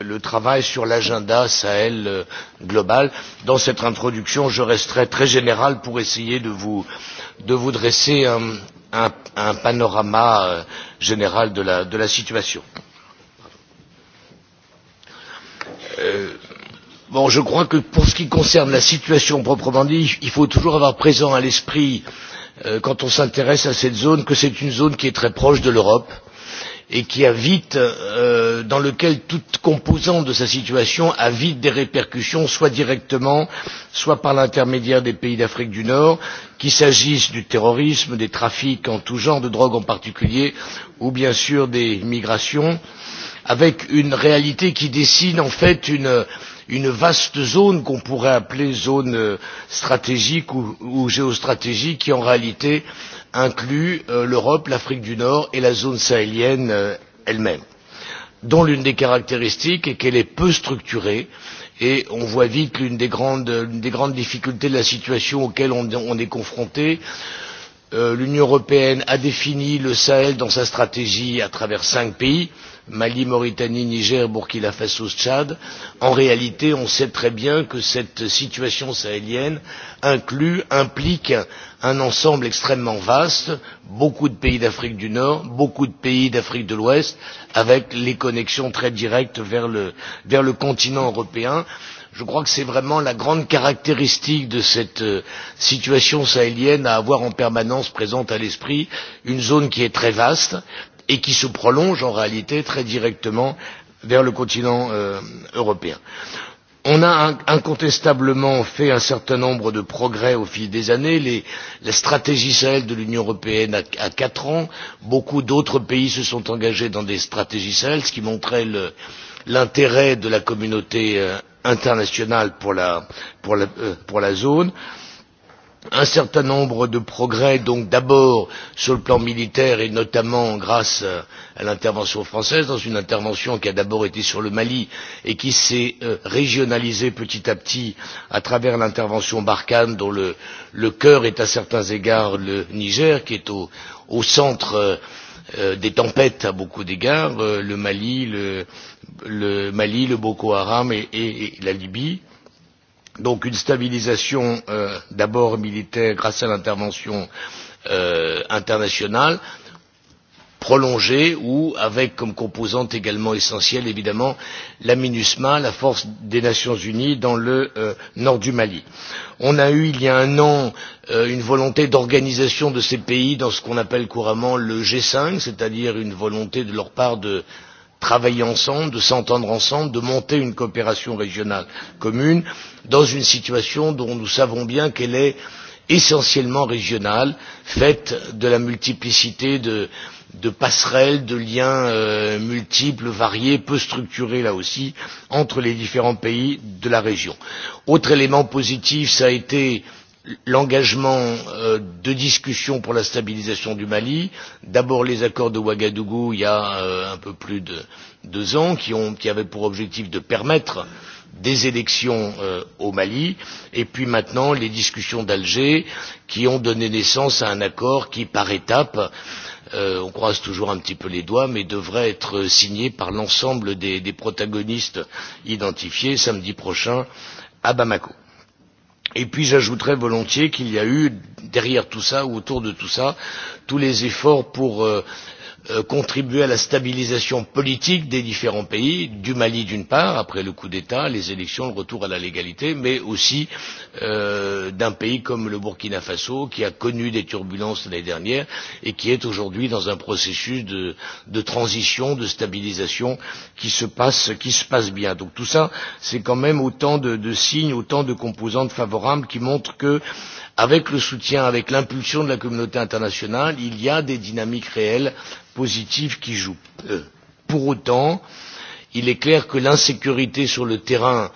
le travail sur l'agenda Sahel euh, global. Dans cette introduction, je resterai très général pour essayer de vous, de vous dresser un, un, un panorama euh, général de la, de la situation. Euh, bon, je crois que pour ce qui concerne la situation proprement dit, il faut toujours avoir présent à l'esprit, euh, quand on s'intéresse à cette zone, que c'est une zone qui est très proche de l'Europe, et qui a vite, euh, dans lequel toute composante de sa situation a vite des répercussions, soit directement, soit par l'intermédiaire des pays d'Afrique du Nord, qu'il s'agisse du terrorisme, des trafics en tout genre, de drogue en particulier, ou bien sûr des migrations, avec une réalité qui dessine en fait une, une vaste zone qu'on pourrait appeler zone euh, stratégique ou, ou géostratégique qui en réalité euh, inclut euh, l'Europe, l'Afrique du Nord et la zone sahélienne euh, elle-même, dont l'une des caractéristiques est qu'elle est peu structurée et on voit vite l'une des, grandes, des grandes difficultés de la situation auxquelles on, on est confronté. Euh, L'Union européenne a défini le Sahel dans sa stratégie à travers cinq pays, Mali, Mauritanie, Niger, Burkina Faso, Tchad. En réalité, on sait très bien que cette situation sahélienne inclut, implique un ensemble extrêmement vaste, beaucoup de pays d'Afrique du Nord, beaucoup de pays d'Afrique de l'Ouest, avec les connexions très directes vers le, vers le continent européen. Je crois que c'est vraiment la grande caractéristique de cette euh, situation sahélienne à avoir en permanence présente à l'esprit une zone qui est très vaste et qui se prolonge en réalité très directement vers le continent euh, européen. On a incontestablement fait un certain nombre de progrès au fil des années. Les, la stratégie Sahel de l'Union européenne a, a quatre ans. Beaucoup d'autres pays se sont engagés dans des stratégies Sahel, ce qui montrait l'intérêt de la communauté euh, internationale pour la, pour la, euh, pour la zone. Euh, un certain nombre de progrès, donc d'abord sur le plan militaire et notamment grâce euh, à l'intervention française, dans une intervention qui a d'abord été sur le Mali et qui s'est euh, régionalisée petit à petit à travers l'intervention Barkhane dont le, le cœur est à certains égards le Niger qui est au, au centre euh, euh, des tempêtes à beaucoup d'égards, euh, le Mali, le, le Mali, le Boko Haram et, et, et la Libye. Euh, Donc une stabilisation euh, d'abord militaire grâce à l'intervention euh, internationale prolongée ou avec comme composante également essentielle évidemment la MINUSMA, la force des Nations Unies dans le euh, nord du Mali. On a eu il y a un an euh, une volonté d'organisation de ces pays dans ce qu'on appelle couramment le G5, c'est-à-dire une volonté de leur part de travailler ensemble, de s'entendre ensemble, de monter une coopération régionale commune dans une situation dont nous savons bien qu'elle est essentiellement régionale, faite de la multiplicité de, de passerelles, de liens euh, multiples, variés, peu structurés là aussi, entre les différents pays de la région. Autre élément positif, ça a été euh, l'engagement euh, de discussion pour la stabilisation du Mali, d'abord les accords de Ouagadougou il y a euh, un peu plus de deux ans qui, ont, qui avaient pour objectif de permettre des élections euh, au Mali, et puis maintenant les discussions d'Alger qui ont donné naissance à un accord qui, par étapes, euh, on croise toujours un petit peu les doigts, mais devrait être signé par l'ensemble des, des protagonistes identifiés samedi prochain à Bamako. Et puis j'ajouterais volontiers qu'il y a eu derrière tout ça ou autour de tout ça tous les efforts pour euh, Euh, contribuer à la stabilisation politique des différents pays, du Mali d'une part, après le coup d'État, les élections, le retour à la légalité, mais aussi euh, d'un pays comme le Burkina Faso, qui a connu des turbulences l'année dernière et qui est aujourd'hui dans un processus de, de transition, de stabilisation qui se passe, qui se passe bien. Donc tout ça, c'est quand même autant de, de signes, autant de composantes favorables qui montrent que avec le soutien, avec l'impulsion de la communauté internationale, il y a des dynamiques réelles positives qui jouent. Euh, pour autant, il est clair que l'insécurité sur le terrain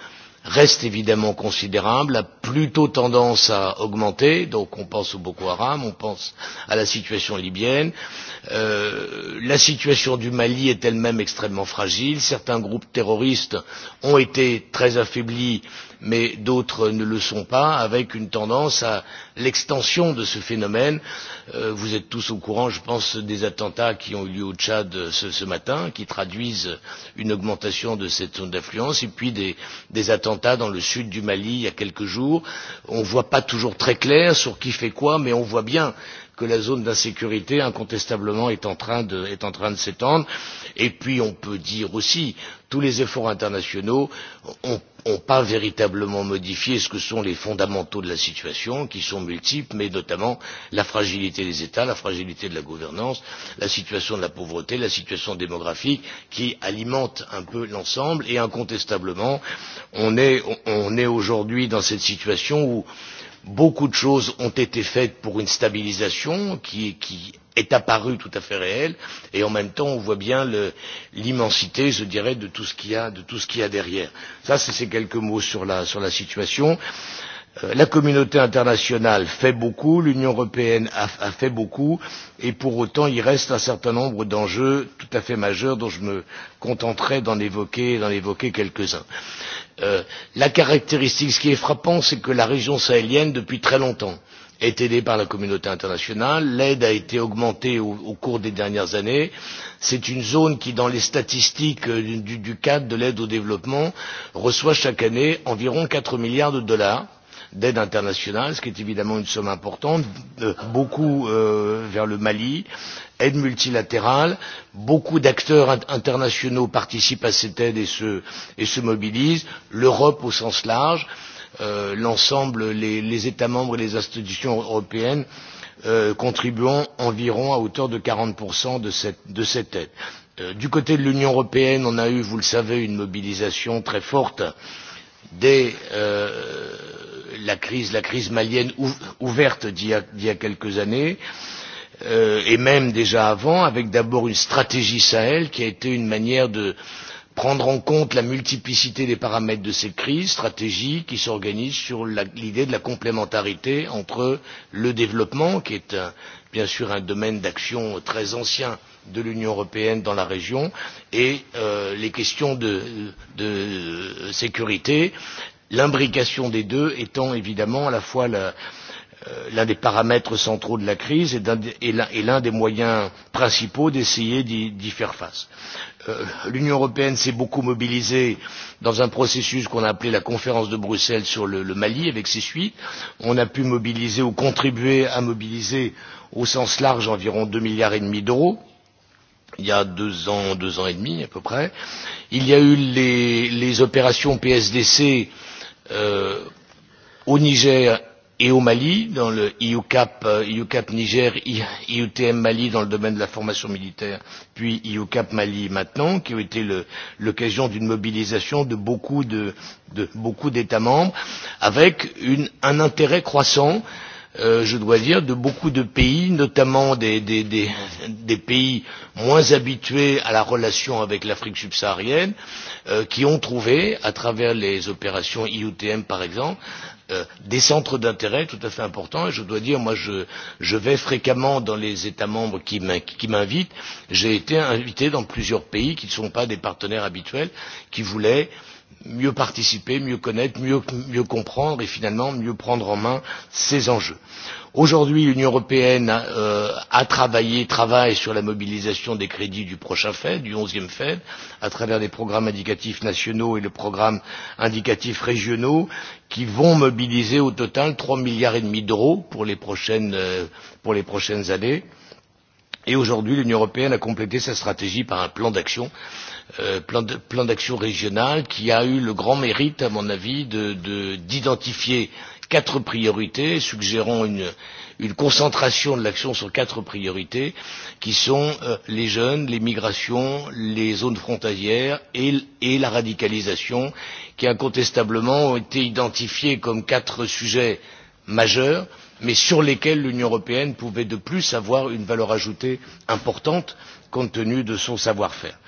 reste évidemment considérable, a plutôt tendance à augmenter, donc on pense au Boko Haram, on pense à la situation libyenne. Euh, la situation du Mali est elle-même extrêmement fragile, certains groupes terroristes ont été très affaiblis mais d'autres ne le sont pas, avec une tendance à l'extension de ce phénomène. Euh, vous êtes tous au courant, je pense, des attentats qui ont eu lieu au Tchad ce, ce matin, qui traduisent une augmentation de cette zone d'influence, et puis des, des attentats dans le sud du Mali il y a quelques jours. On ne voit pas toujours très clair sur qui fait quoi, mais on voit bien que la zone d'insécurité incontestablement est en train de, est en train de s'étendre. Et puis on peut dire aussi tous les efforts internationaux ont n'ont pas véritablement modifié ce que sont les fondamentaux de la situation, qui sont multiples, mais notamment la fragilité des États, la fragilité de la gouvernance, la situation de la pauvreté, la situation démographique, qui alimente un peu l'ensemble. Et incontestablement, on est, on est aujourd'hui dans cette situation où beaucoup de choses ont été faites pour une stabilisation qui, qui est apparue tout à fait réelle et en même temps on voit bien l'immensité, je dirais, de tout ce qu'il y a, de tout ce qu'il y a derrière. Ça, c'est ces quelques mots sur la, sur la situation. Euh, Euh, la communauté internationale fait beaucoup, l'Union européenne a, a fait beaucoup, et pour autant il reste un certain nombre d'enjeux tout à fait majeurs dont je me contenterai d'en évoquer, évoquer quelques-uns. Euh, la caractéristique, ce qui est frappant, c'est que la région sahélienne, depuis très longtemps, est aidée par la communauté internationale, l'aide a été augmentée au, au cours des dernières années, c'est une zone qui, dans les statistiques euh, du, du cadre de l'aide au développement, reçoit chaque année environ 4 milliards de dollars, d'aide internationale, ce qui est évidemment une somme importante, beaucoup euh, vers le Mali, aide multilatérale, beaucoup d'acteurs internationaux participent à cette aide et se, et se mobilisent, l'Europe au sens large, euh, l'ensemble, les, les États membres et les institutions européennes euh, contribuant environ à hauteur de 40% de cette, de cette aide. Euh, du côté de l'Union européenne, on a eu, vous le savez, une mobilisation très forte dès euh, la crise, la crise malienne ouverte d'il y, y a quelques années, euh, et même déjà avant, avec d'abord une stratégie Sahel qui a été une manière de prendre en compte la multiplicité des paramètres de cette crise, stratégie qui s'organise sur l'idée de la complémentarité entre le développement, qui est un, bien sûr un domaine d'action très ancien de l'Union européenne dans la région, et euh, les questions de, de sécurité, l'imbrication des deux étant évidemment à la fois la, euh, l'un des paramètres centraux de la crise et l'un des moyens principaux d'essayer d'y faire face. Euh, L'Union européenne s'est beaucoup mobilisée dans un processus qu'on a appelé la conférence de Bruxelles sur le, le Mali avec ses suites. On a pu mobiliser ou contribuer à mobiliser au sens large environ 2 milliards et demi d'euros il y a deux ans, deux ans et demi à peu près. Il y a eu les, les opérations PSDC euh, euh, au Niger et au Mali, dans le IUCAP, euh, IUCAP Niger, IUTM Mali dans le domaine de la formation militaire, puis IUCAP Mali maintenant, qui ont été l'occasion d'une mobilisation de beaucoup d'États de, de, beaucoup membres, avec une, un intérêt croissant euh, euh, je dois dire, de beaucoup de pays, notamment des, des, des, des pays moins habitués à la relation avec l'Afrique subsaharienne, euh, qui ont trouvé, à travers les opérations IUTM par exemple, euh, des centres d'intérêt tout à fait importants. Et je dois dire, moi, je, je vais fréquemment dans les États membres qui m'invitent. J'ai été invité dans plusieurs pays qui ne sont pas des partenaires habituels, qui voulaient euh, mieux participer, mieux connaître, mieux, mieux comprendre et finalement mieux prendre en main ces enjeux. Aujourd'hui, l'Union européenne euh, a travaillé, travaille sur la mobilisation des crédits du prochain Fed, du 11e Fed, à travers des programmes indicatifs nationaux et le programme indicatif régionaux, qui vont mobiliser au total 3 milliards et demi d'euros pour les prochaines, euh, pour les prochaines années. Et aujourd'hui, l'Union européenne a complété sa stratégie par un plan d'action, euh, plan d'action régional qui a eu le grand mérite, à mon avis, d'identifier de, de, quatre priorités, suggérant une, une concentration de l'action sur quatre priorités qui sont euh, les jeunes, les migrations, les zones frontalières et, et la radicalisation qui incontestablement ont été identifiés comme quatre sujets majeurs mais sur lesquels l'Union européenne pouvait de plus avoir une valeur ajoutée importante compte tenu de son savoir-faire.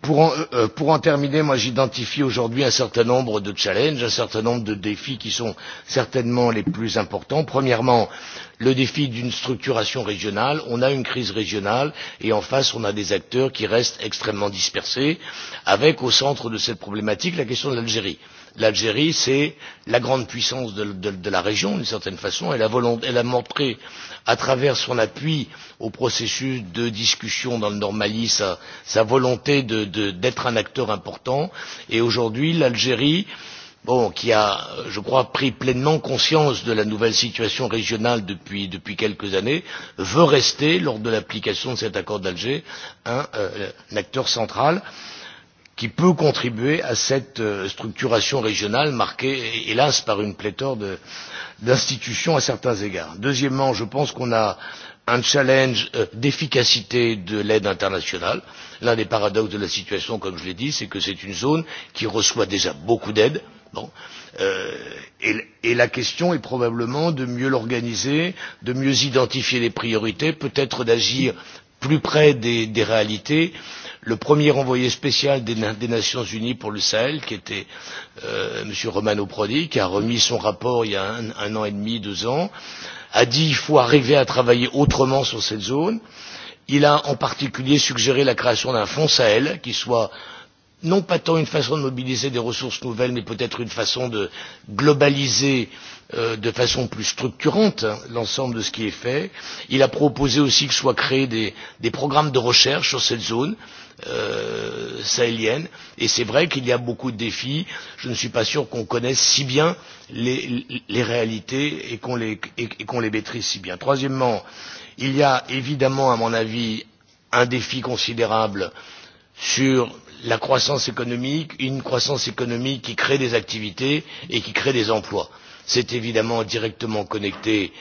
Pour en, euh, euh, pour en terminer, moi j'identifie aujourd'hui un certain nombre de challenges, un certain nombre de défis qui sont certainement les plus importants. Premièrement, le défi d'une structuration régionale. On a une crise régionale et en face, on a des acteurs qui restent extrêmement dispersés, avec au centre de cette problématique la question de l'Algérie. L'Algérie, c'est la grande puissance de, de, de la région, d'une certaine façon. Elle a, volonté, elle a montré, à travers son appui au processus de discussion dans le Nord Mali, sa, sa volonté d'être de, de, un acteur important. Et aujourd'hui, l'Algérie, bon, qui a, je crois, pris pleinement conscience de la nouvelle situation régionale depuis, depuis quelques années, veut rester, lors de l'application de cet accord d'Alger, un, euh, un acteur central. Euh, qui peut contribuer à cette euh, structuration régionale marquée, hélas, par une pléthore d'institutions à certains égards. Deuxièmement, je pense qu'on a un challenge euh, d'efficacité de l'aide internationale. L'un des paradoxes de la situation, comme je l'ai dit, c'est que c'est une zone qui reçoit déjà beaucoup d'aide. Bon. Euh, et, et la question est probablement de mieux l'organiser, de mieux identifier les priorités, peut-être d'agir plus près des, des réalités le premier envoyé spécial des, des Nations Unies pour le Sahel, qui était euh, M. Romano Prodi, qui a remis son rapport il y a un, un an et demi, deux ans, a dit qu'il faut arriver à travailler autrement sur cette zone. Il a en particulier suggéré la création d'un fonds Sahel qui soit non pas tant une façon de mobiliser des ressources nouvelles, mais peut-être une façon de globaliser euh, de façon plus structurante hein, l'ensemble de ce qui est fait. Il a proposé aussi que soient créés des, des programmes de recherche sur cette zone euh, sahélienne. Et c'est vrai qu'il y a beaucoup de défis. Je ne suis pas sûr qu'on connaisse si bien les, les réalités et qu'on les, et, et qu'on les maîtrise si bien. Troisièmement, il y a évidemment, à mon avis, un défi considérable sur la croissance économique, une croissance économique qui crée des activités et qui crée des emplois. C'est évidemment directement connecté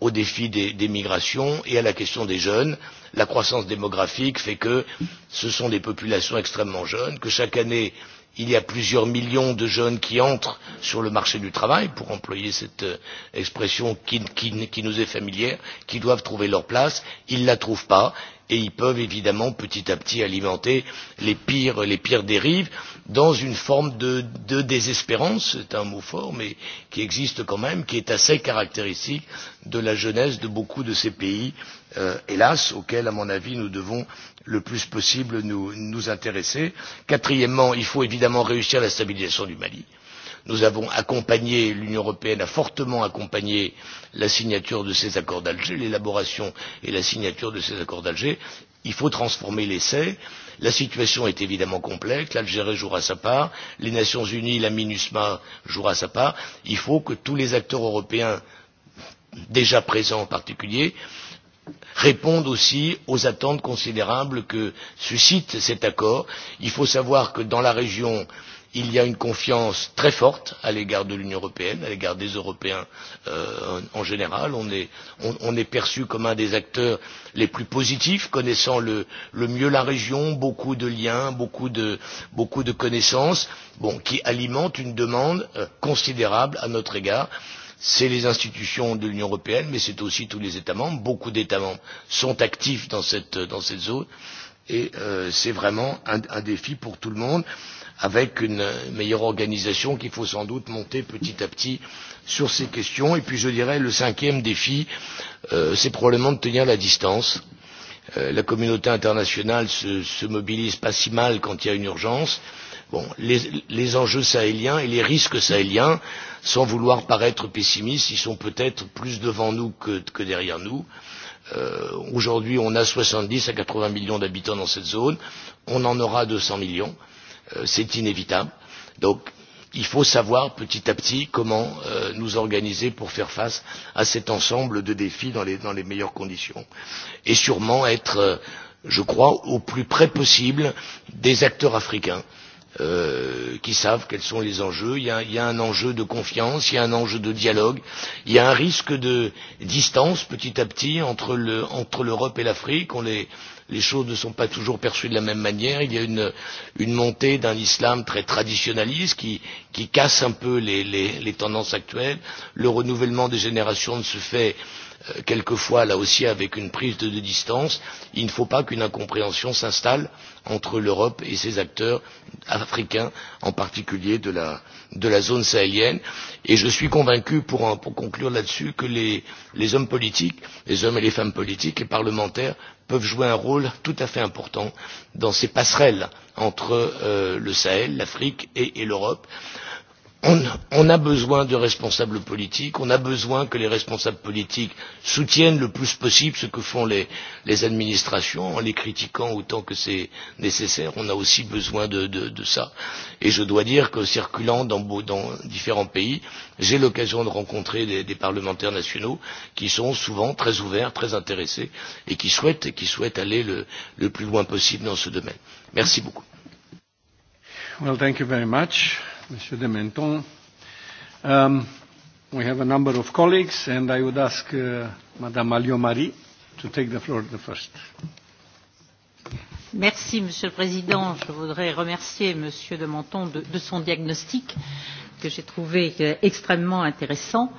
au défi des, des migrations et à la question des jeunes. La croissance démographique fait que ce sont des populations extrêmement jeunes, que chaque année il y a plusieurs millions de jeunes qui entrent sur le marché du travail, pour employer cette euh, expression qui, qui, qui nous est familière, qui doivent trouver leur place, ils ne la trouvent pas, et ils peuvent évidemment petit à petit alimenter les pires, les pires dérives dans une forme de, de désespérance, c'est un mot fort, mais qui existe quand même, qui est assez caractéristique de la jeunesse de beaucoup de ces pays, euh, hélas, auxquels, à mon avis, nous devons le plus possible nous, nous intéresser. Quatrièmement, il faut évidemment réussir la stabilisation du Mali. Euh, Nous avons accompagné, l'Union européenne a fortement accompagné la signature de ces accords d'Alger, l'élaboration et la signature de ces accords d'Alger. Il faut transformer l'essai. La situation est évidemment complexe. L'Algérie jouera sa part. Les Nations Unies, la MINUSMA jouera sa part. Il faut que tous les acteurs européens, déjà présents en particulier, répondent aussi aux attentes considérables que suscite cet accord. Il faut savoir que dans la région, euh, il y a une confiance très forte à l'égard de l'Union européenne, à l'égard des Européens euh, en général. On est, on, on est perçu comme un des acteurs les plus positifs, connaissant le, le mieux la région, beaucoup de liens, beaucoup de, beaucoup de connaissances, bon, qui alimentent une demande euh, considérable à notre égard. C'est les institutions de l'Union européenne, mais c'est aussi tous les États membres. Beaucoup d'États membres sont actifs dans cette, dans cette zone et euh, c'est vraiment un, un défi pour tout le monde. Euh, avec une meilleure organisation qu'il faut sans doute monter petit à petit sur ces questions. Et puis je dirais le cinquième défi, euh, c'est probablement de tenir la distance. Euh, la communauté internationale se, se mobilise pas si mal quand il y a une urgence. Bon, les, les enjeux sahéliens et les risques sahéliens, sans vouloir paraître pessimiste, ils sont peut-être plus devant nous que, que derrière nous. Euh, Aujourd'hui, on a 70 à 80 millions d'habitants dans cette zone. On en aura 200 millions. Euh, Euh, c'est inévitable. Donc, il faut savoir petit à petit comment euh, nous organiser pour faire face à cet ensemble de défis dans les, dans les meilleures conditions. Et sûrement être, euh, je crois, au plus près possible des acteurs africains euh, qui savent quels sont les enjeux. Il y, a, il y a un enjeu de confiance, il y a un enjeu de dialogue, il y a un risque de distance petit à petit entre l'Europe le, entre et l'Afrique. On les, les choses ne sont pas toujours perçues de la même manière. Il y a une, une montée d'un islam très traditionnaliste qui, qui casse un peu les, les, les tendances actuelles. Le renouvellement des générations ne se fait Euh, quelquefois là aussi avec une prise de distance. Il ne faut pas qu'une incompréhension s'installe entre l'Europe et ses acteurs africains, en particulier de la, de la zone sahélienne. Et je suis convaincu, pour, un, pour conclure là-dessus, que les, les hommes politiques, les hommes et les femmes politiques et parlementaires peuvent jouer un rôle tout à fait important dans ces passerelles entre euh, le Sahel, l'Afrique et, et l'Europe. Euh, on, a besoin de responsables politiques, on a besoin que les responsables politiques soutiennent le plus possible ce que font les, les administrations en les critiquant autant que c'est nécessaire. On a aussi besoin de, de, de ça. Et je dois dire que circulant dans, dans différents pays, j'ai l'occasion de rencontrer des, des parlementaires nationaux qui sont souvent très ouverts, très intéressés et qui souhaitent, qui souhaitent aller le, le plus loin possible dans ce domaine. Merci beaucoup. Well, thank you very much. Mr. De Menton. Um, we have a number of colleagues, and I would ask uh, Madame Alio marie to take the floor the first. Merci, Monsieur le Président. Je voudrais remercier Monsieur de Menton de, de son diagnostic que j'ai trouvé euh, extrêmement intéressant.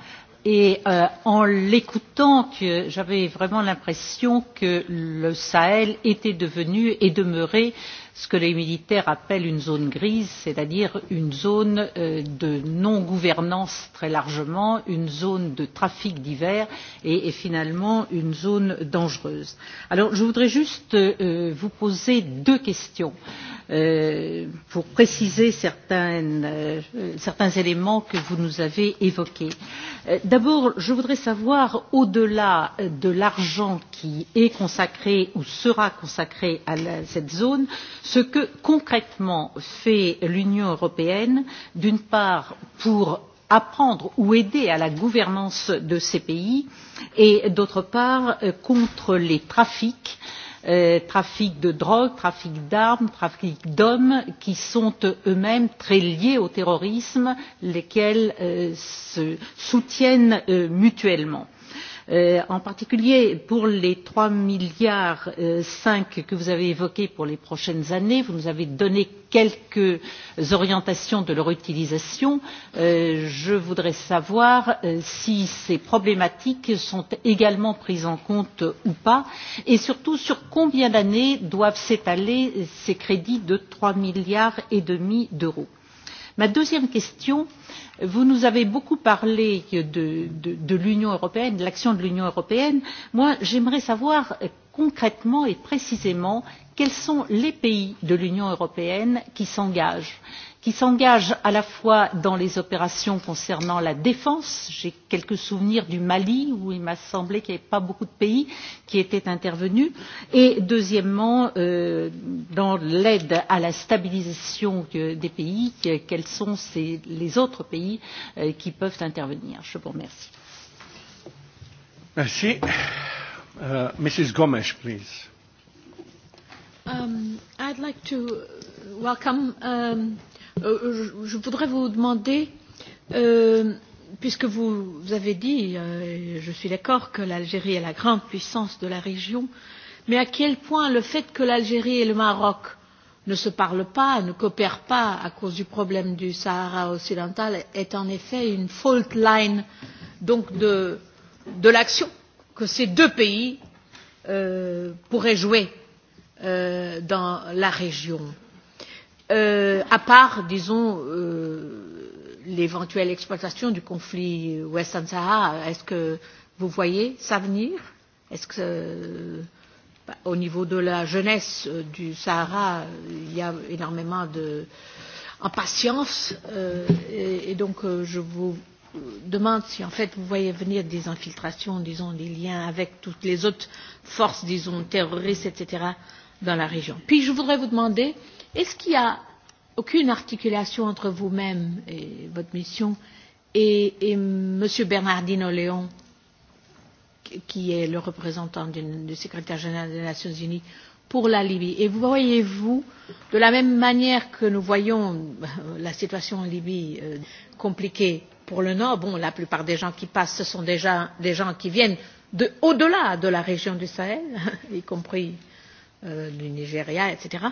Et euh, en l'écoutant, j'avais vraiment l'impression que le Sahel était devenu et demeurait euh, ce que les militaires appellent une zone grise, c'est-à-dire une zone euh, de non-gouvernance très largement, une zone de trafic divers et, et finalement une zone dangereuse. Alors je voudrais juste euh, vous poser deux questions. Euh, Euh, pour préciser certaines, euh, certains éléments que vous nous avez évoqués. Euh, D'abord, je voudrais savoir, au-delà de l'argent qui est consacré ou sera consacré à la, cette zone, ce que concrètement fait l'Union européenne, d'une part pour apprendre ou aider à la gouvernance de ces pays et d'autre part euh, contre les trafics euh, euh, trafic de drogue, trafic d'armes, trafic d'hommes, qui sont eux-mêmes très liés au terrorisme, lesquels euh, se soutiennent euh, mutuellement. Euh, en particulier pour les 3 milliards euh, 5 que vous avez évoqués pour les prochaines années, vous nous avez donné quelques orientations de leur utilisation. Euh, je voudrais savoir euh, si ces problématiques sont également prises en compte ou pas et surtout sur combien d'années doivent s'étaler ces crédits de 3 milliards et demi d'euros. Ma deuxième question, vous nous avez beaucoup parlé de, de, de l'Union européenne, de l'action de l'Union européenne. Moi, j'aimerais savoir concrètement et précisément quels sont les pays de l'Union européenne qui s'engagent qui s'engage à la fois dans les opérations concernant la défense, j'ai quelques souvenirs du Mali où il m'a semblé qu'il n'y avait pas beaucoup de pays qui étaient intervenus, et deuxièmement euh, dans l'aide à la stabilisation des pays, quels sont ces, les autres pays euh, qui peuvent intervenir. Je vous remercie. Merci. Uh, Mrs. Gomes, please. Um, I'd like to welcome um, Euh, je, voudrais vous demander, euh, puisque vous, vous avez dit, euh, je suis d'accord que l'Algérie est la grande puissance de la région, mais à quel point le fait que l'Algérie et le Maroc ne se parlent pas, ne coopèrent pas à cause du problème du Sahara occidental est en effet une fault line donc de, de l'action que ces deux pays euh, pourraient jouer euh, dans la région euh, à part, disons, euh, l'éventuelle exploitation du conflit Western Sahara, est-ce que vous voyez ça venir Est-ce que euh, bah, au niveau de la jeunesse euh, du Sahara, il y a énormément de euh, et, et donc euh, je vous demande si en fait vous voyez venir des infiltrations, disons, des liens avec toutes les autres forces, disons, terroristes, etc., dans la région. Puis je voudrais vous demander euh, Est-ce qu'il n'y a aucune articulation entre vous-même et votre mission et, et M. Bernardino Léon, qui est le représentant du, du secrétaire général des Nations Unies pour la Libye. Et voyez-vous, de la même manière que nous voyons euh, la situation en Libye euh, compliquée pour le Nord, bon, la plupart des gens qui passent, ce sont déjà des gens qui viennent de au-delà de la région du Sahel, y compris euh, du Nigeria, etc.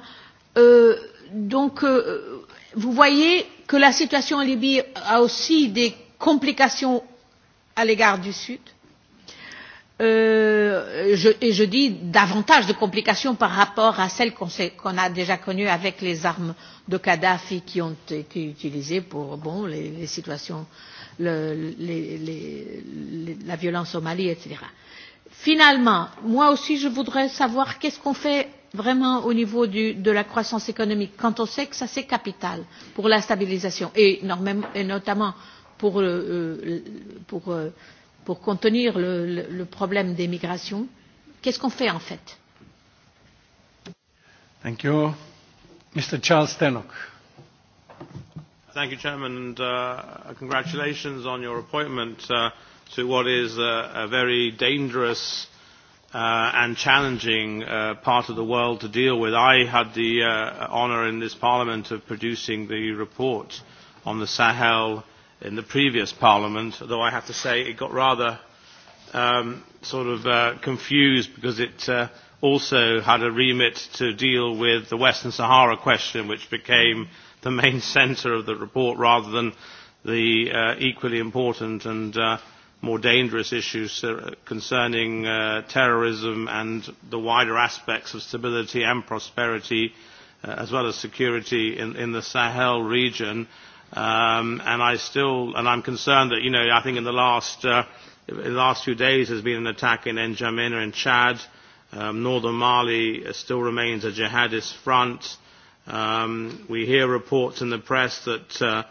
Euh, donc, euh, vous voyez que la situation en Libye a aussi des complications à l'égard du Sud. Euh, je, et je dis davantage de complications par rapport à celles qu'on qu a déjà connues avec les armes de Kadhafi qui ont été utilisées pour bon, les, les situations, le, les, les, les, la violence au Mali, etc. Finalement, moi aussi je voudrais savoir qu'est-ce qu'on fait vraiment au niveau du, de la croissance économique, quand on sait que ça c'est capital pour la stabilisation et, et notamment pour, euh, euh, pour, euh, pour contenir le, le, le problème des migrations, qu'est-ce qu'on fait en fait Thank you. Mr. Charles Stenock. Thank you, Chairman, and uh, congratulations on your appointment uh, to what is a, a very dangerous uh, and challenging uh, part of the world to deal with. I had the uh, honour in this Parliament of producing the report on the Sahel in the previous Parliament, though I have to say it got rather um, sort of uh, confused because it uh, also had a remit to deal with the Western Sahara question, which became the main centre of the report rather than the uh, equally important and uh, more dangerous issues uh, concerning uh, terrorism and the wider aspects of stability and prosperity, uh, as well as security in, in the Sahel region. Um, and I still, and I'm concerned that, you know, I think in the last, uh, in the last few days there's been an attack in N'Djamena in Chad. Um, Northern Mali uh, still remains a jihadist front. Um, we hear reports in the press that uh,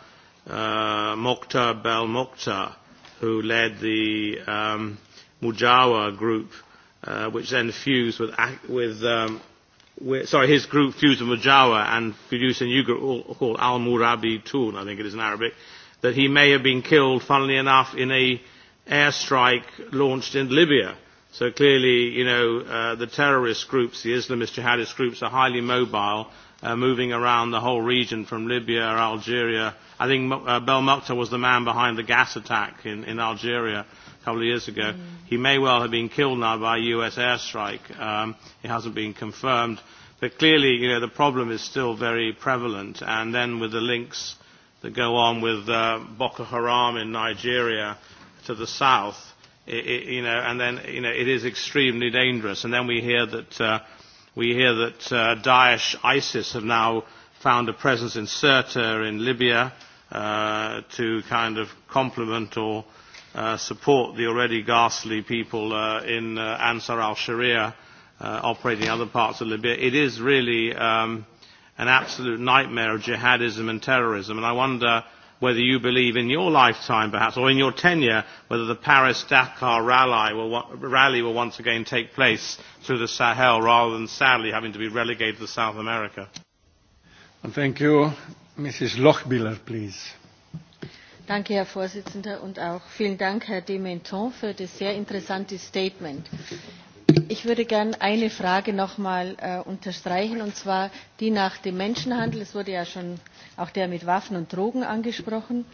uh, Mokhtar Bel Mokhtar, who led the um, Mujawa group, uh, which then fused with, with, um, with sorry, his group fused with Mujawa and produced a new group called Al Murabi Tun, I think it is in Arabic, that he may have been killed, funnily enough, in a airstrike launched in Libya. So clearly, you know, uh, the terrorist groups, the Islamist jihadist groups are highly mobile uh, moving around the whole region from Libya or Algeria. I think uh, Mokhtar was the man behind the gas attack in, in Algeria a couple of years ago. Mm. He may well have been killed now by a U.S. airstrike. Um, it hasn't been confirmed. But clearly, you know, the problem is still very prevalent. And then with the links that go on with uh, Boko Haram in Nigeria to the south, it, it, you know, and then, you know, it is extremely dangerous. And then we hear that uh, We hear that uh, Daesh, ISIS have now found a presence in Sirte in Libya uh, to kind of complement or uh, support the already ghastly people uh, in uh, Ansar al-Sharia uh, operating in other parts of Libya. It is really um, an absolute nightmare of jihadism and terrorism, and I wonder whether you believe in your lifetime perhaps or in your tenure whether the Paris-Dakar rally will, rally will once again take place through the Sahel rather than sadly having to be relegated to South America. Thank you. Mrs. Lochbiller, please. Danke, Herr Vorsitzender, und auch vielen Dank, Herr Dementon, für das sehr interessante Statement. Ich würde gern eine Frage mal äh, unterstreichen, und zwar die nach dem Menschenhandel. Es wurde ja schon auch der mit Waffen und Drogen angesprochen.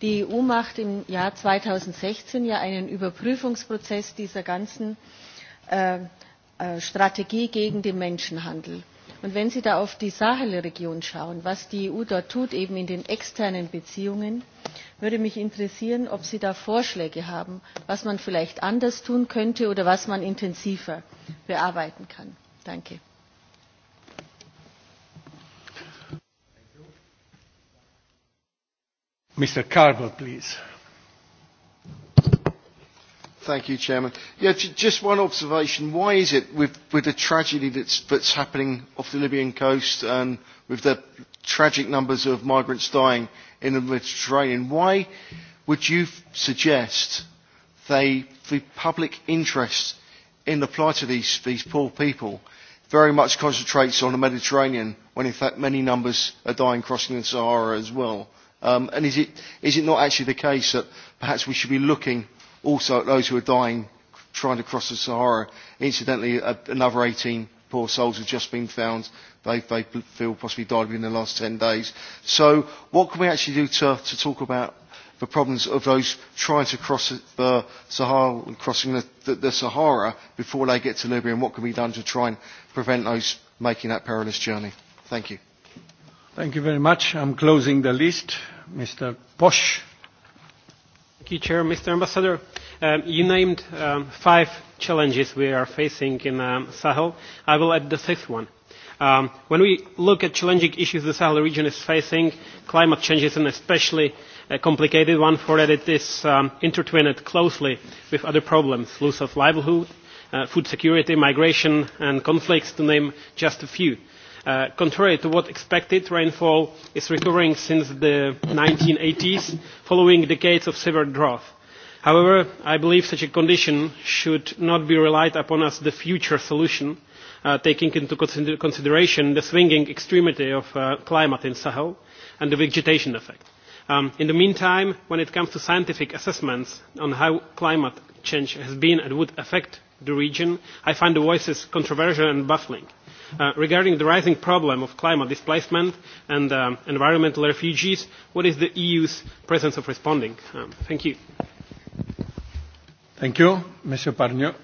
Die EU macht im Jahr 2016 ja einen Überprüfungsprozess dieser ganzen äh, äh Strategie gegen den Menschenhandel. Und wenn Sie da auf die Sahelregion schauen, was die EU dort tut, eben in den externen Beziehungen, würde mich interessieren, ob Sie da Vorschläge haben, was man vielleicht anders tun könnte oder was man intensiver bearbeiten kann. Danke. Mr. Carver, please. Thank you, Chairman. Yeah, just one observation. Why is it with, with the tragedy that's, that's happening off the Libyan coast and with the tragic numbers of migrants dying in the Mediterranean, why would you suggest they, the public interest in the plight of these, these poor people very much concentrates on the Mediterranean when in fact many numbers are dying crossing the Sahara as well? Um, and is it, is it not actually the case that perhaps we should be looking also those who are dying trying to cross the Sahara. Incidentally, another 18 poor souls have just been found. They, they feel possibly died within the last 10 days. So what can we actually do to, to talk about the problems of those trying to cross the Sahara, crossing the, the, the Sahara before they get to Libya and what can be done to try and prevent those making that perilous journey? Thank you. Thank you very much. I'm closing the list. Mr. Posh you, Chair. Mr. Ambassador, um, you named um, five challenges we are facing in um, Sahel. I will add the sixth one. Um, when we look at challenging issues the Sahel region is facing, climate change is an especially uh, complicated one for that it is um, intertwined closely with other problems, loss of livelihood, uh, food security, migration and conflicts, to name just a few. Uh, contrary to what expected, rainfall is recovering since the 1980s, following decades of severe drought. However, I believe such a condition should not be relied upon as the future solution, uh, taking into consider consideration the swinging extremity of uh, climate in Sahel and the vegetation effect. Um, in the meantime, when it comes to scientific assessments on how climate change has been and would affect the region, I find the voices controversial and baffling. Uh, regarding the rising problem of climate displacement and um, environmental refugees, what is the EU's presence of responding? Um, thank you. Thank you, Monsieur Parnio.